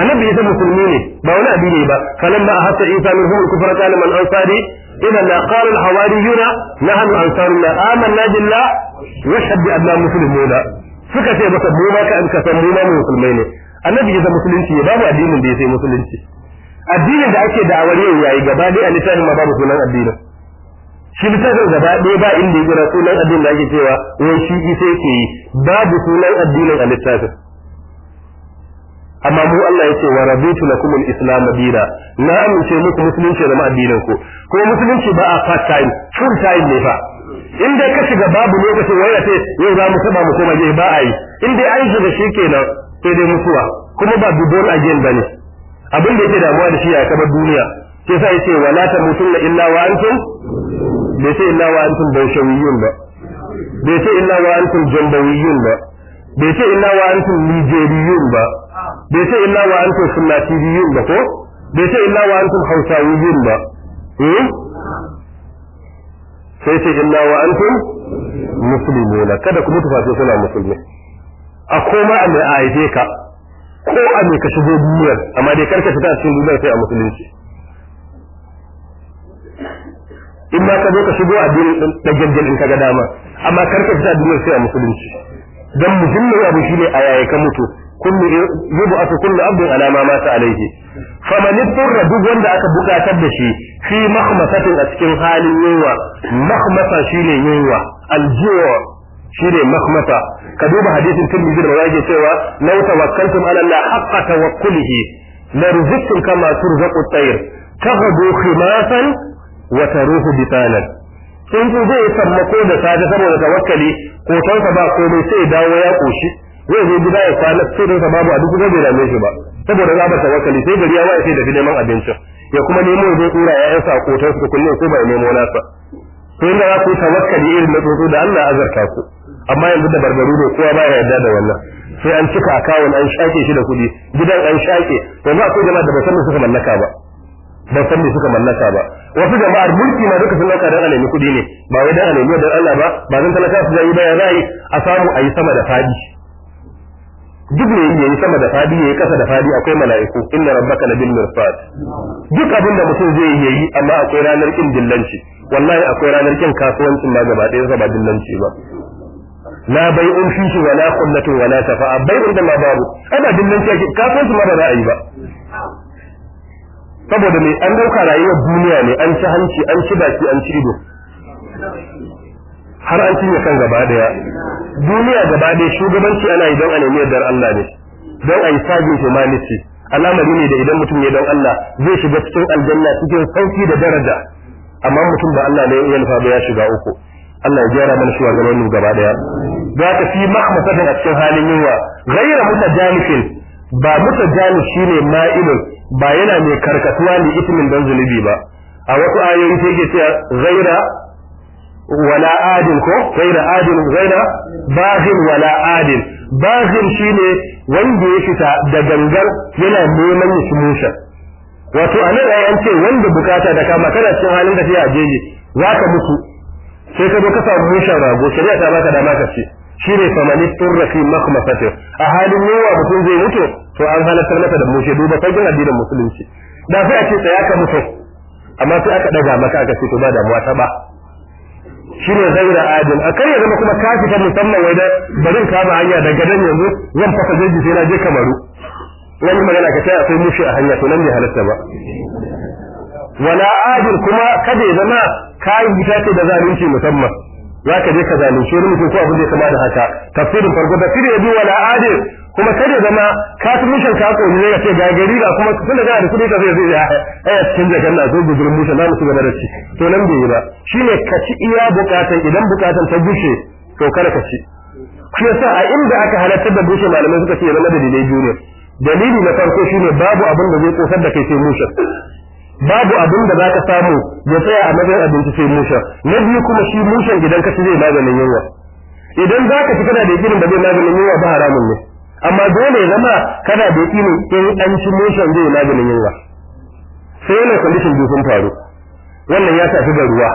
annabi Isa musulmi ne ba wani addini ba falan ba hatta Isa min hu kufra kana man ansari إذا لا قال الحواريون نحن أنصار الله آمنا بالله واشهد بأننا مسلمون suka ce masa mu ma ka ka san mu musulmai ne annabi ya musulunci ne babu addinin da ya sai musulunci addinin da ake da awari yayi gaba dai a littafin ma babu sunan addinin shi littafin gaba ɗaya ba inda ya gura sunan addinin da ake cewa wai shi sai yi babu sunan addinin a littafin amma mu Allah yake wa rabitu lakum al-islam dina na amince muku musulunci da ma'adinan ku ko musulunci ba a part time full time ne fa in dai ka shiga babu lokacin waya sai yau za mu saba mu koma je ba a yi in dai an shiga shi kenan sai dai mutuwa kuma ba a again bane abin da yake damuwa da shi ya kaba duniya sai sai yace wala ta tamutunna illa wa antum bai sai illa wa antum bawshawiyun ba bai sai illa wa antum jambawiyun ba bai sai illa wa antum nijeriyun ba bai ce illa wa antum sunnatiyyin ba ko bai ce illa wa antum hausawiyyin ba eh sai ce illa wa antum muslimuna kada ku mutu fasu kuna muslimin a koma a mai a ka ko a mai ka shigo duniyar amma dai karka fita cikin duniyar sai a musulunci in ma ka zo ka shigo a dini da gaggal in ka ga dama amma karka fita duniyar sai a musulunci dan muhimmin abu shine a yaya ka mutu kullu yub'atu kullu abdin ala ma mata alayhi faman duk wanda aka bukatar da shi fi mahmasatin a cikin halin yunwa mahmasa shine yunwa aljiwa shine mahmasa ka duba hadisin tirmidhi da yake cewa law tawakkaltum ala allah haqqa tawakkulihi la rizqtum kama turzaqu at-tayr taghdu khimasan wa taruhu bitanan in zai sammako da safe saboda tawakkali kotonsa ba komai sai dawo ya koshi zai zo gida ya kwana sirrin sa babu a duk zai ame shi ba saboda za ba tawakkali sai gari ya wa sai da neman abincin ya kuma nemo zai tsura ya'yan sa kotar su kunne ko bai nemo nasa to inda za ku tawakkali irin na tsotso da Allah azarta ku amma yanzu da barbaru ne kowa ya yarda da wannan sai an cika kawun an shake shi da kuɗi gidan an shake za akwai jama'a da ba san suka mallaka ba ba san me suka mallaka ba wasu jama'ar mulki ma duka sun dauka dan alemi kuɗi ne ba wai dan alemi dan Allah ba ba zan talaka su yi ba ya a samu a yi sama da fadi duk ne yayi sama da fadi yayi kasa da fadi akwai mala'iku inna rabbaka labil mirsad duk abin da mutum zai yi, amma akwai ranar kin dillanci wallahi akwai ranar kin kasuwancin ma gaba ɗaya ba dillanci ba la bai'un shi wala qullatu wala shafa'a bai'un da ma babu ana dillanci ake kasuwancin ma ba za a yi ba saboda me an dauka rayuwar duniya ne an ci hanci an ci baki an ci ido har an cinye kan gaba daya duniya gaba daya shugabanci ana yi don a nemi yardar Allah ne don a yi sabin humanity alamari ne da idan mutum ne don Allah zai shiga cikin aljanna cikin sauki da daraja amma mutum ba Allah ne ya nufa ba ya shiga uku Allah ya gyara mana shuwa gaban mu gaba daya za ka fi mahmasatin a cikin halin yunwa gaira mutajanifin ba mutajanif shine ma'ilun ba yana mai karkatuwa ne ismin dan zunubi ba a wasu ayoyi sai ke cewa gaira wala adin ko gaira adin gaira bazin wala adin bazin shine wanda ya fita da gangar yana neman ya musha wato a nan ayan ce wanda bukata da kama kana cikin halin da tafiya a jeje za ka mutu sai ka zo ka samu ba rago shari'a ta baka dama ka ce shine famani turra fi makhmasati a halin yawa mutum zai mutu to an halartar masa da mushe duba a addinin musulunci da sai a ce tsaya ka mutu amma sai aka daga maka aka ce to ba damuwa ta ba shine zaira adil a kai ya zama kuma ka fita musamman wai da barin kama hanya da gadan yanzu zan fasa jeji sai na je kamaru wani magana ka sai akwai mushi a hanya to nan ne halatta ba wala adil kuma kada ya zama ka yi fita da zalunci musamman za ka je ka zalunce wani mutum ko abin da ya kama da haka tafsirin farko da fili yabi wala kuma kada zama ka ci mushin ka ko ne ka ce ga gari da kuma tun da ga da kudi ka zai zai eh cikin da kana zo gudurin mushin na musu gaba da ci to nan bai ba shine ka ci iya bukatan idan bukatan ta gushe to kada ka ci shi yasa a inda aka halartar da bushe malamai suka ce zama da dalilai biyu ne dalili na farko shine babu abin da zai kosar da kai sai babu abin da za ka samu ya tsaya a matsayin abinci sai musha na biyu kuma shi mushan idan ka ci zai maganin yunwa idan za ka ci kana da yakinin ba zai maganin yunwa ba haramun ne amma dole ya zama kana da yakinin in an ci mushan zai maganin yunwa sai yana condition biyu faru wannan ya tafi da ruwa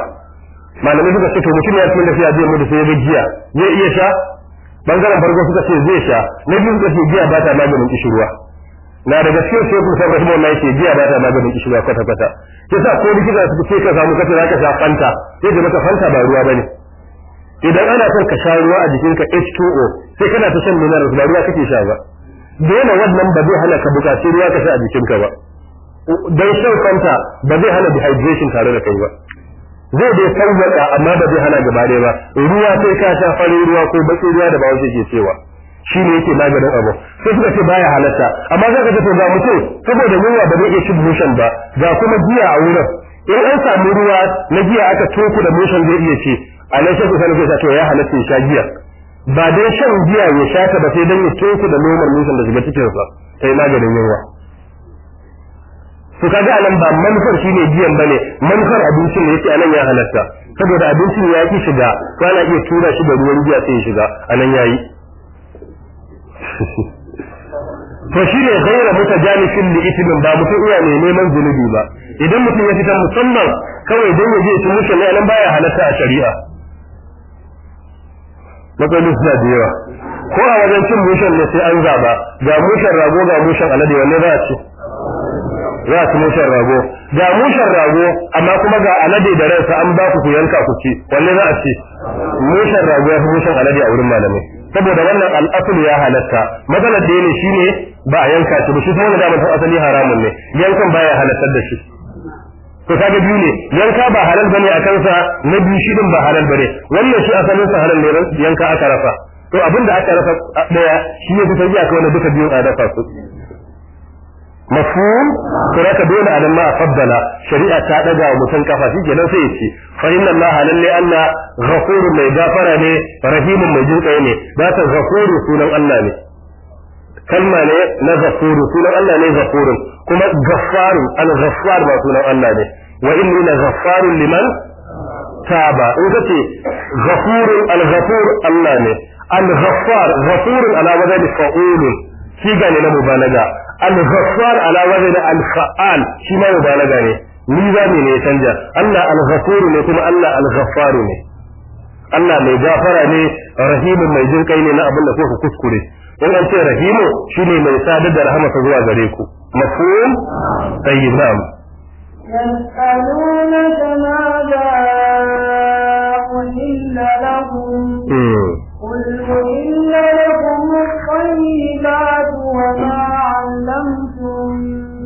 malamai suka ce to mutum ya cikin lafiya zai mutu sai ya giya zai iya sha bangaren farko suka ce zai sha na biyu suka ce giya ba ta maganin kishirwa na daga cikin sai kuma sai rahimu Allah yake biya ba ta maganin ba kwata kwata sa ko likita su ce ka samu kace zaka sha fanta sai da maka fanta ba ruwa bane idan ana son ka sha ruwa a jikinka H2O sai kana ta shan minerals ba ruwa kake sha ba dole wannan ba zai hana ka buƙaci ruwa ka sha a jikinka ba dan shan fanta ba zai hana dehydration tare da kai ba zai dai sauwaka amma ba zai hana gaba ɗaya ba ruwa sai ka sha farin ruwa ko baki ruwa da ba wace ke cewa shi ne yake maganin abu sai suka ce baya halatta amma za ka tafi ga mutum saboda yunwa ba zai iya cin mushen ba ga kuma giya a wurin in an samu ruwa na giya aka toku da mushen zai iya ce a nan shi kusa ne sai ya halatta ya sha giya ba dai shan giya ya sha ta ba sai dan ya toku da noman mushen da shiga cikin sa sai maganin yunwa to kaga anan ba manufar shine giyan bane manufar abincin ne yake anan ya halatta saboda abincin ya ki shiga ko ana iya tura shi da ruwan giya sai ya shiga anan yayi [LAUGHS] to shi ne gaira mutu jami'in da itimin ba mutum iya ne neman zunubi ba idan mutum ya fita musamman kawai don ya je su mushe ne nan baya halatta a shari'a matsalolin suna da yawa ko a wajen cin mushen ne sai an zaba ga mushen rago ga mushen alade wanne za a ci za a ci mushen rago ga mushen rago amma kuma ga alade da ransa an ba ku ku yanka ku ci wanne za a ci mushen rago ya fi mushen alade a wurin malamai saboda wannan al'asul ya halatta matsalar da ne shine ba a yanka shi ba shi kuma da mutum asali haramun ne yankan baya halattar da shi to kaga biyu ne yanka ba halal bane a kansa na biyu shi din ba halal bane wannan shi asalin sa halal ne yanka aka rasa, to abinda aka rasa daya shi ne kusa yi aka wani duka biyu a dafa su mafhum to da dole anan ma faddala shari'a ta daga wa mutum kafa nan sai yace fa inna Allah lalle Allah ghafurun mai gafara ne rahimun mai jinkai ne da ta ghafuru sunan Allah ne kalma ne na ghafuru sunan Allah ne ghafurun kuma ghaffaru al-ghaffar ba sunan Allah ne wa inni la ghaffarun liman taba in kace ghafurun al-ghafur Allah ne al-ghaffar ghafurun ala wadai fa'ulun shi ga ne na mubalaga al-ghaffar ala wajhi al-fa'al shi ma mubalaga ne mizani ne canja Allah al-ghafur ne kuma Allah al-ghaffar ne Allah mai gafara ne Rahimu mai jin kai ne na abin da kuka kuskure in an ce rahimu shine mai sadar da ta zuwa gare ku mafhum tayyib na'am يسألونك ماذا قل لكم الطيبات وما عَلَّمْتُم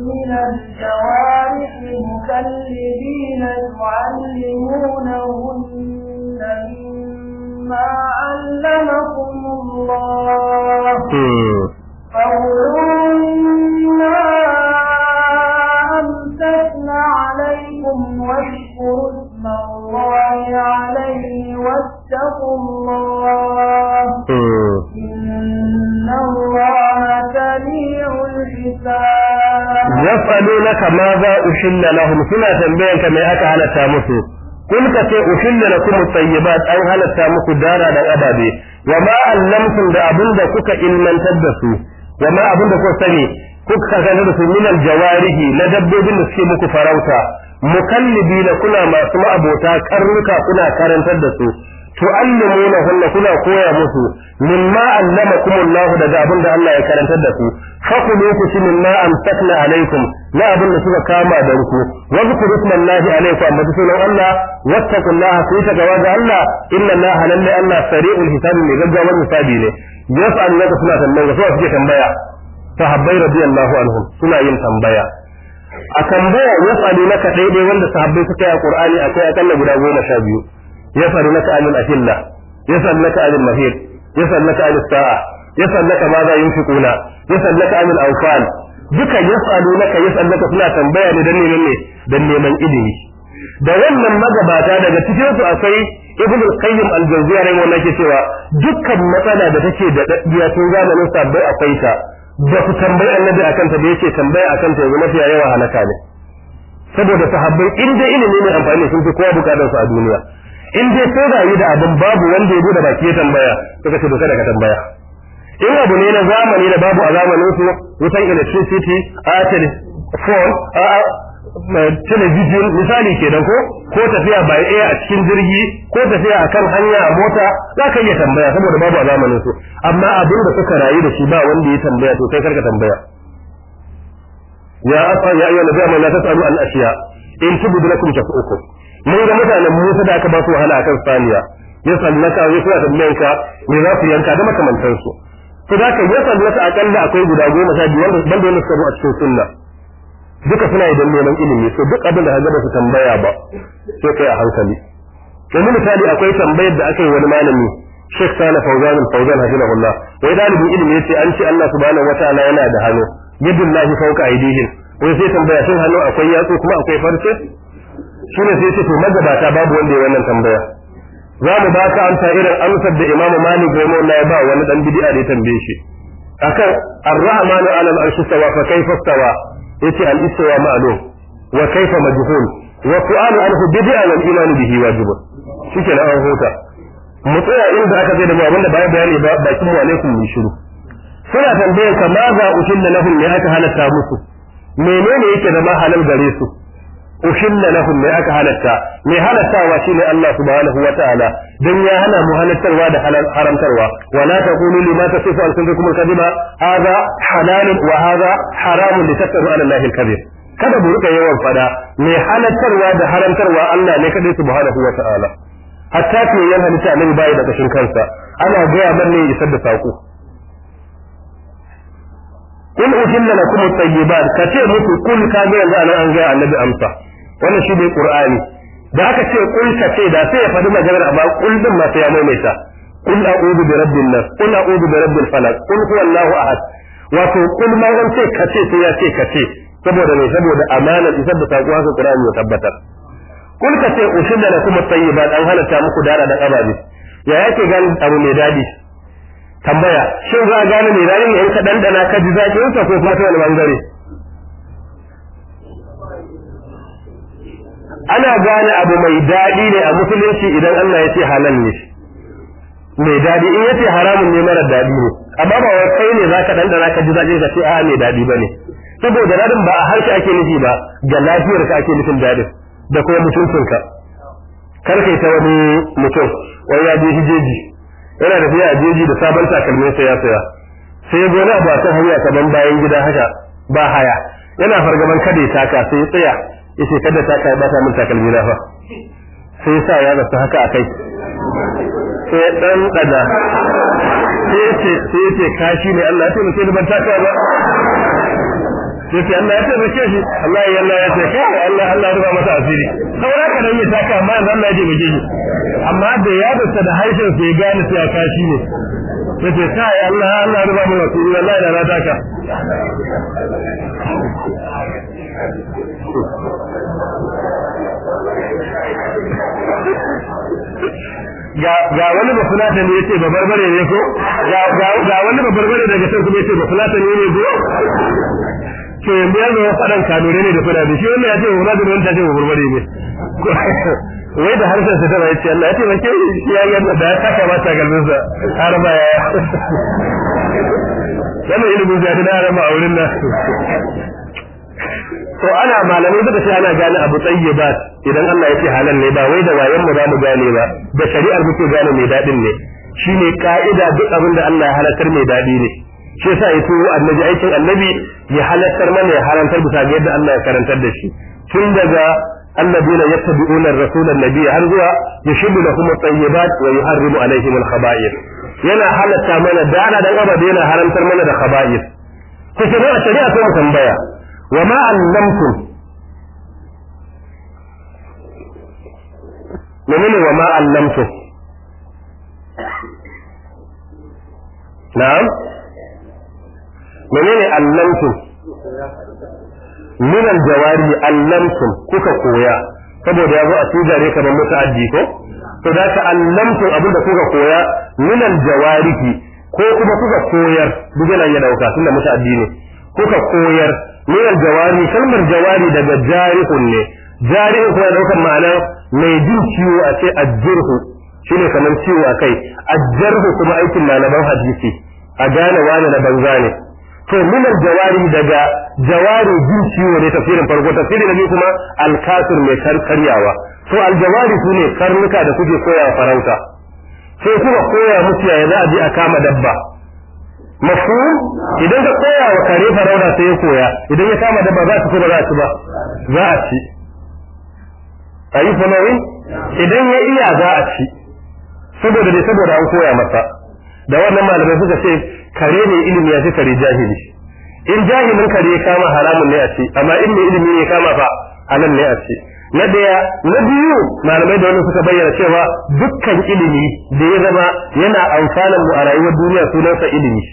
مِّنَ الْجَوَارِحِ مُكَلِّبِينَ تُعَلِّمُونَهُنَّ مِمَّا عَلَّمَكُمُ اللَّهُ فَغُلُوهُنَّا أَمْسَكْنَ عَلَيْكُمْ وَاشْكُرُوا اسْمَ اللَّهِ عَلَيْهِ وَاتَّقُوا اللَّهَ إِنَّ اللَّهَ yasalunaka ma za uhilla lahum suna tambayan ka me aka halatta musu kun ka ce uhilla lakum tayyibat an halatta muku dara da ababe wa ma allamtum da abinda kuka ilmantar da su wa ma abinda kuka sani kuka sanar da su min na dabbobin da suke muku farauta mukallibi na kuna masu ma'abota karnuka kuna karantar da su tu'allimuna hunna kuna koya musu mimma allamakum Allah daga abin da Allah ya karantar da ku fakulu ku shi mimma amsakna alaikum na abin da suka kama da ku wa zkuru ismallahi alaikum amma sunan Allah wattaqullaha ku ta gaba ga Allah inna Allah lalle Allah sari'ul hisabi ne gaggawar hisabi ne yas'alunaka suna tambaya suna suke tambaya sahabbai radiyallahu anhum suna yin tambaya a tambaya yas'alunaka daidai wanda sahabbai suka yi a Qur'ani akwai akalla guda goma sha biyu يسألونك عن الأهلة يسألونك عن المهيد يسألونك عن الساعة يسألونك ماذا ينفقون يسألونك عن الأوفال duka yas'alunaka yas'alunaka suna tambaya ne dan neman ne dan neman ilimi da wannan magabata daga cikin su akwai ibn al-qayyim al-jawziya ne wannan ke cewa dukkan matsala da take da daddiya tun zamanin sabbai akwai ta da ku tambayi annabi akan ta da yake tambaya akan ta yanzu mafiya yawa halaka ne saboda sahabbai in da ilimi ne amfani sun fi kowa bukatar su a duniya in dai sai da yi da abin babu wanda ya bude baki ya tambaya suka ce doka daga tambaya in abu ne na zamani da babu a zamanin su wutan electricity atel phone a television misali ke ko ko tafiya by air a cikin jirgi ko tafiya akan hanya a mota za ka iya tambaya saboda babu a zamanin su amma abin da suka rayu da shi ba wanda ya tambaya to kai karka tambaya ya asa ya ayyuhal ladina la tasalu an ashiya in tubu lakum takukum mun ga mutanen Musa da aka ba su wahala akan saniya ya na ya suna da yanka mai za su yanka da makamantan su to da ka ya wasu akalla akwai guda goma sha biyu wanda banda wanda a cikin sunna duka suna idan neman ilimi to duk abin da ka ba su tambaya ba sai kai a hankali yanzu misali akwai tambayar da aka yi wani malami Sheikh Sani Fauzan Fauzan Hajjilahullah wai dalibin ilimi ce an ce Allah subhanahu wataala yana da hannu yadullahi fawqa aydihim wai sai tambaya shin hannu akwai yatsu kuma akwai farce shi ne sai ce magabata babu wanda ya wannan tambaya za mu ba ka amsa irin amsar da imamu malik na ya ba wani dan bid'a da ya tambaye shi akan arrahmanu ala al-arshi sawa fa kayfa sawa yace al istawa ma'lum wa kayfa majhul wa su'alu anhu bid'a wal iman bihi wajib shike na an huta mu tsaya inda aka zai da mu wanda bayan bayani ba bakin mu alaikum shiru suna tambayar ka ma za na lahum ne aka halatta musu menene yake zama halal gare su uhilla lahum mai aka halatta mai halattawa shine Allah subhanahu wa ta'ala dan ya hana mu halattarwa da haramtarwa wala taqulu lima tasifu alsinkum kadhiba hadha halal wa hadha haram litaftaru ala allahi alkadhib kada mu rika yawan fada mai halattarwa da haramtarwa Allah ne kadai subhanahu wa ta'ala hatta ke yan halitta annabi bai da kashin kansa ana gaya manne isar da sako in uhilla lakum at-tayyibat kace muku kun ka ga yanzu an ga annabi amsa wannan shi ne qur'ani da aka ce kul ta ce da sai ya faɗi maganar amma kul din ma sai ya maimaita kul a'udhu bi rabbin nas kul a'udhu bi rabbil falaq kul huwallahu ahad wato kul ma an ce ka ce sai ya ce ka ce saboda ne saboda amana in da ta kuwa qur'ani ya tabbatar kul ka ce usulla lakum at-tayyibat an halata muku dara da ababi ya yake gani abu mai dadi tambaya shin za a gane mai dadi ne in ka dandana ka ji zaƙin ko kuma ta wani bangare ana gane abu mai daɗi ne a musulunci idan Allah ya ce halal ne mai daɗi in yace haramun ne mara daɗi ne amma ba wai kai ne zaka dan da ka ji zaje ka ce a mai daɗi bane saboda daɗin ba a harshe ake nufi ba ga lafiyar ka ake nufin daɗin da kuma mutuncin ka kar kai ta wani mutum wai ya je jeji yana da fiya a jeji da sabon takalmin ya saya sai gona ba ta hanya kaman bayan gida haka ba haya yana fargaban kada ya taka sai ya tsaya yace kada ta kai ba ta min takalmi na fa sai sa ya rasa haka akai sai dan kada sai ce sai ce kashi ne Allah ya taimake ni ban taka ba sai Allah ya ce taimake shi Allah ya Allah ya ce kai Allah Allah ya ruba masa asiri saboda ka yi ya taka amma yanzu Allah ya taimake shi amma da ya dasa da haishin sai gane sai ya kashi ne yace kai Allah Allah ya ruba masa asiri wallahi da na taka ga wani ba fulata ne yace ba barbare ne ko ga wani ba barbare daga can kuma yace ba fulata ne ne ko ke yanzu yanzu ya faɗan kanure ne da da shi wanda ya ce ba fulata ne wanda ya ce ba barbare ne wai da harshen sa tana ce Allah ya ce bake ya yi yanzu da ya saka mata galmin har ba ya yana ilimin zafi na harama a wurin nan to ana malamai suka ce ana gane abu ba idan Allah ya ce halal ne ba wai da wayan mu za mu gane ba da shari'ar muke gane mai daɗin ne shine ka'ida duk abin da Allah ya halakar mai daɗi ne shi yasa ya turo annabi aikin annabi ya halartar mana ya harantar bisa ga yadda Allah ya karantar da shi tun daga الذين يتبعون الرسول Nabiya, har zuwa ya yashhadu kuma at-tayyibat wa yuharrimu alaihim al-khaba'ith yana halarta mana da ana dan abada yana haramtar mana da khaba'ith kusa a shari'a mu tambaya wa ma allamtum menene wa ma allamtum na'am menene allamtum min aljawari allamtum kuka koya saboda yazo a tijare kamar muta'addi ko to da ka allamtum abinda kuka koya min aljawarihi ko kuma kuka koyar duk yana ya dauka tunda muta'addi ne kuka koyar miyar jawari kalmar jawari daga jarihun ne jarihun kuma daukar ma'ana mai jin ciwo a ce ajirhu shine kamar ciwo a kai ajirhu kuma aikin malaman hadisi a gane wane na banza ne to minar jawari daga jawari jin ciwo ne tafsirin farko tafsirin da kuma alkasir mai karyawa to aljawari su ne karnuka da kuke koya farauta sai kuma koya musu yaya za a je a kama dabba mafhum idan ka koya wa kare farauta sai ya koya idan ya kama dabba za ta ci ba za ci ba za a ci ayi yi idan ya iya za a ci saboda dai saboda an koya masa da wannan malamai suka ce kare ne ilimi ya ce kare jahili in jahilin kare ya kama haramun ne a ci amma in mai ilimi ne kama fa nan ne a ci na daya na biyu malamai da wani suka bayyana cewa dukkan ilimi da ya zama yana amfanin mu a rayuwar duniya sunansa ilimi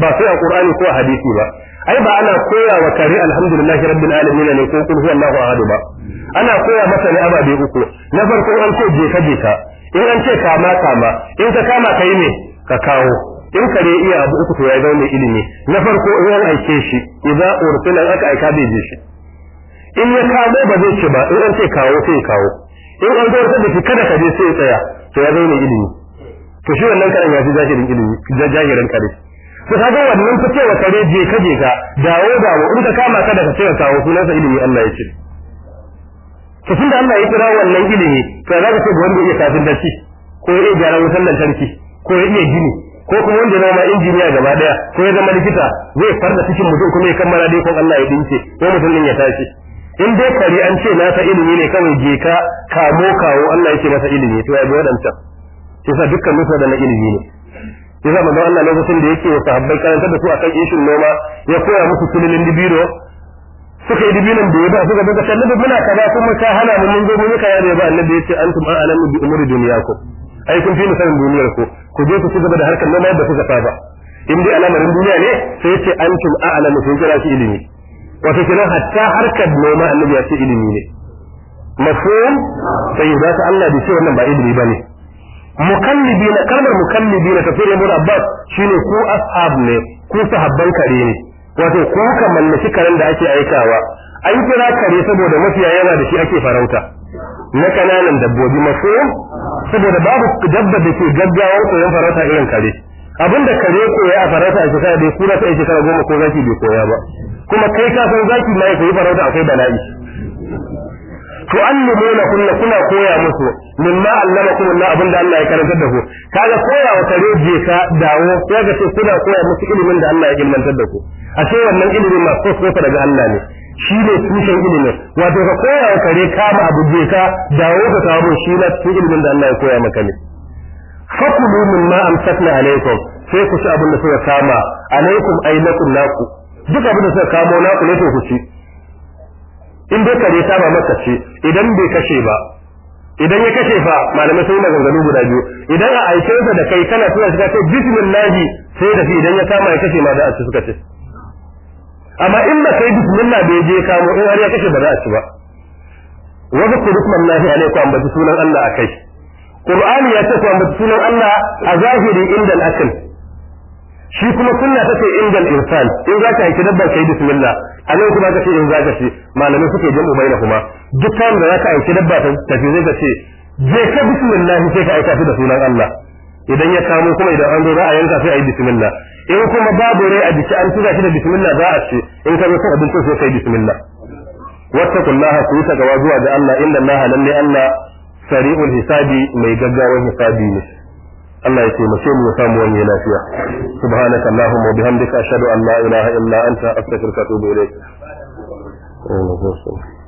ba sai a qur'ani ko a hadisi ba ai ba ana koya wa kare alhamdulillahi rabbil alamin ne ko kullu allahu ahad ba ana koya masa ne ababe uku na farko an ce je ka je ka in an ce kama kama in ka kama kai ne ka kawo in kare iya abu uku to ya zama ne ilimi na farko in an aike shi idza ursila aka aika bai je shi in ya kawo ba zai ci ba in an ce kawo sai ya kawo in an zo da shi kada ka je sai ya tsaya to ya zama ne ilimi to shi wannan karin ya fi jahirin ilimi jahirin karin to kaga wannan ta wa kare je ka je ka dawo dawo in ka kama ka daga cewa kawo sunan sa ilimi Allah ya ce to tunda Allah ya kira wannan ilimi to za ka ce ga wanda ya kafin da shi ko ya gyara wutar lantarki ko ya iya gini ko kuma wanda ya zama injiniya gaba daya ko ya zama likita zai farda cikin mutum kuma ya kammala dai kon Allah ya dinke ko mutum din ya tashi in dai kare an ce nasa ilimi ne kawai je ka kamo kawo Allah ya ce masa ilimi to ya bi wadancan sa dukkan musu da na ilimi ne yasa zama Allah lokacin da yake wa sahabbai karanta da su kan ishin noma ya koya musu sululin dibino suka yi dibinan da ya ba suka daga annabi muna kaza kuma ka hana mu mun zo mun kaya da ba annabi yace antum a'lamu bi umuri dunyakum ai kun fi mu sanin duniyar ku ku je ku ci gaba da harkar noma da kuka saba in dai al'amarin duniya ne sai yace antum a'lamu sun kira shi ilimi wato kenan hatta harkar noma annabi ya ce ilimi ne mafhum sai da Allah bai ce wannan ba ilimi bane na kalmar mukallibina tafsirin ibn abbas shine ku ashab ne ku sahabban kare ne wato ku ka mallaki karen da ake aikawa an kira kare saboda mafiya yana da shi ake farauta na kananan dabbobi mafhum saboda babu dabba da ke ko yan farauta irin kare abinda kare koya a farauta a shekara bai kura ta shekara goma ko zaki bai koya ba kuma kai ka san zaki ma ya koyi farauta akwai bala'i tu'allimuna kunna kuna koya musu mimma allamakum Allah abinda Allah ya karanta da ku kaga koya wa kare je ka dawo kaga sai kuna koya musu ilimin da Allah ya ilmantar da ku ashe wannan ilimin ma ko ko daga Allah ne shi ne tushen ilimin wato ka koya wa kare kama abu je ka dawo ka samu shi na ilimin da Allah ya koya maka ne fakulu mimma amsakna alaikum sai ku ci abin da suka kama alaikum ainakum naku duk abin da suka kamo naku ne to ku ci in dai kare ta ba masa ce idan bai kashe ba idan ya kashe fa malamai sai maganganu guda biyu idan a sa da kai kana tura shiga sai bismillahi sai da fi idan ya kama ya kashe ma da a ci suka ce amma in ba kai bismillah bai je kamo in har ya kashe ba za a ci ba wa zikru lahi alaikum an sunan Allah akai Qur'ani ya ce ku ambaci sunan Allah a zahiri inda al shi kuma sunna take indal insan in za ka aiki dabba kai bismillah nan kuma ka ce in za ka ce malamai suke jam'u ubaina kuma duk kan da za ka aiki dabba ta tafi zai ka ce je ka bismillah sai ka aika da sunan Allah idan ya samu kuma idan an zo za a yanka sai a yi bismillah in kuma babu rai a jiki an tura shi da bismillah za a ce in ka zo kan abincin sai kai bismillah wattaqullaha ku ta gawa zuwa ga Allah inna Allah lalle Allah sari'ul hisabi mai gaggawar hisabi ne Allah ya taimake mu ya samu wani lafiya subhanaka allahumma wa bihamdika ashhadu an la ilaha illa anta astaghfiruka wa atubu ilayk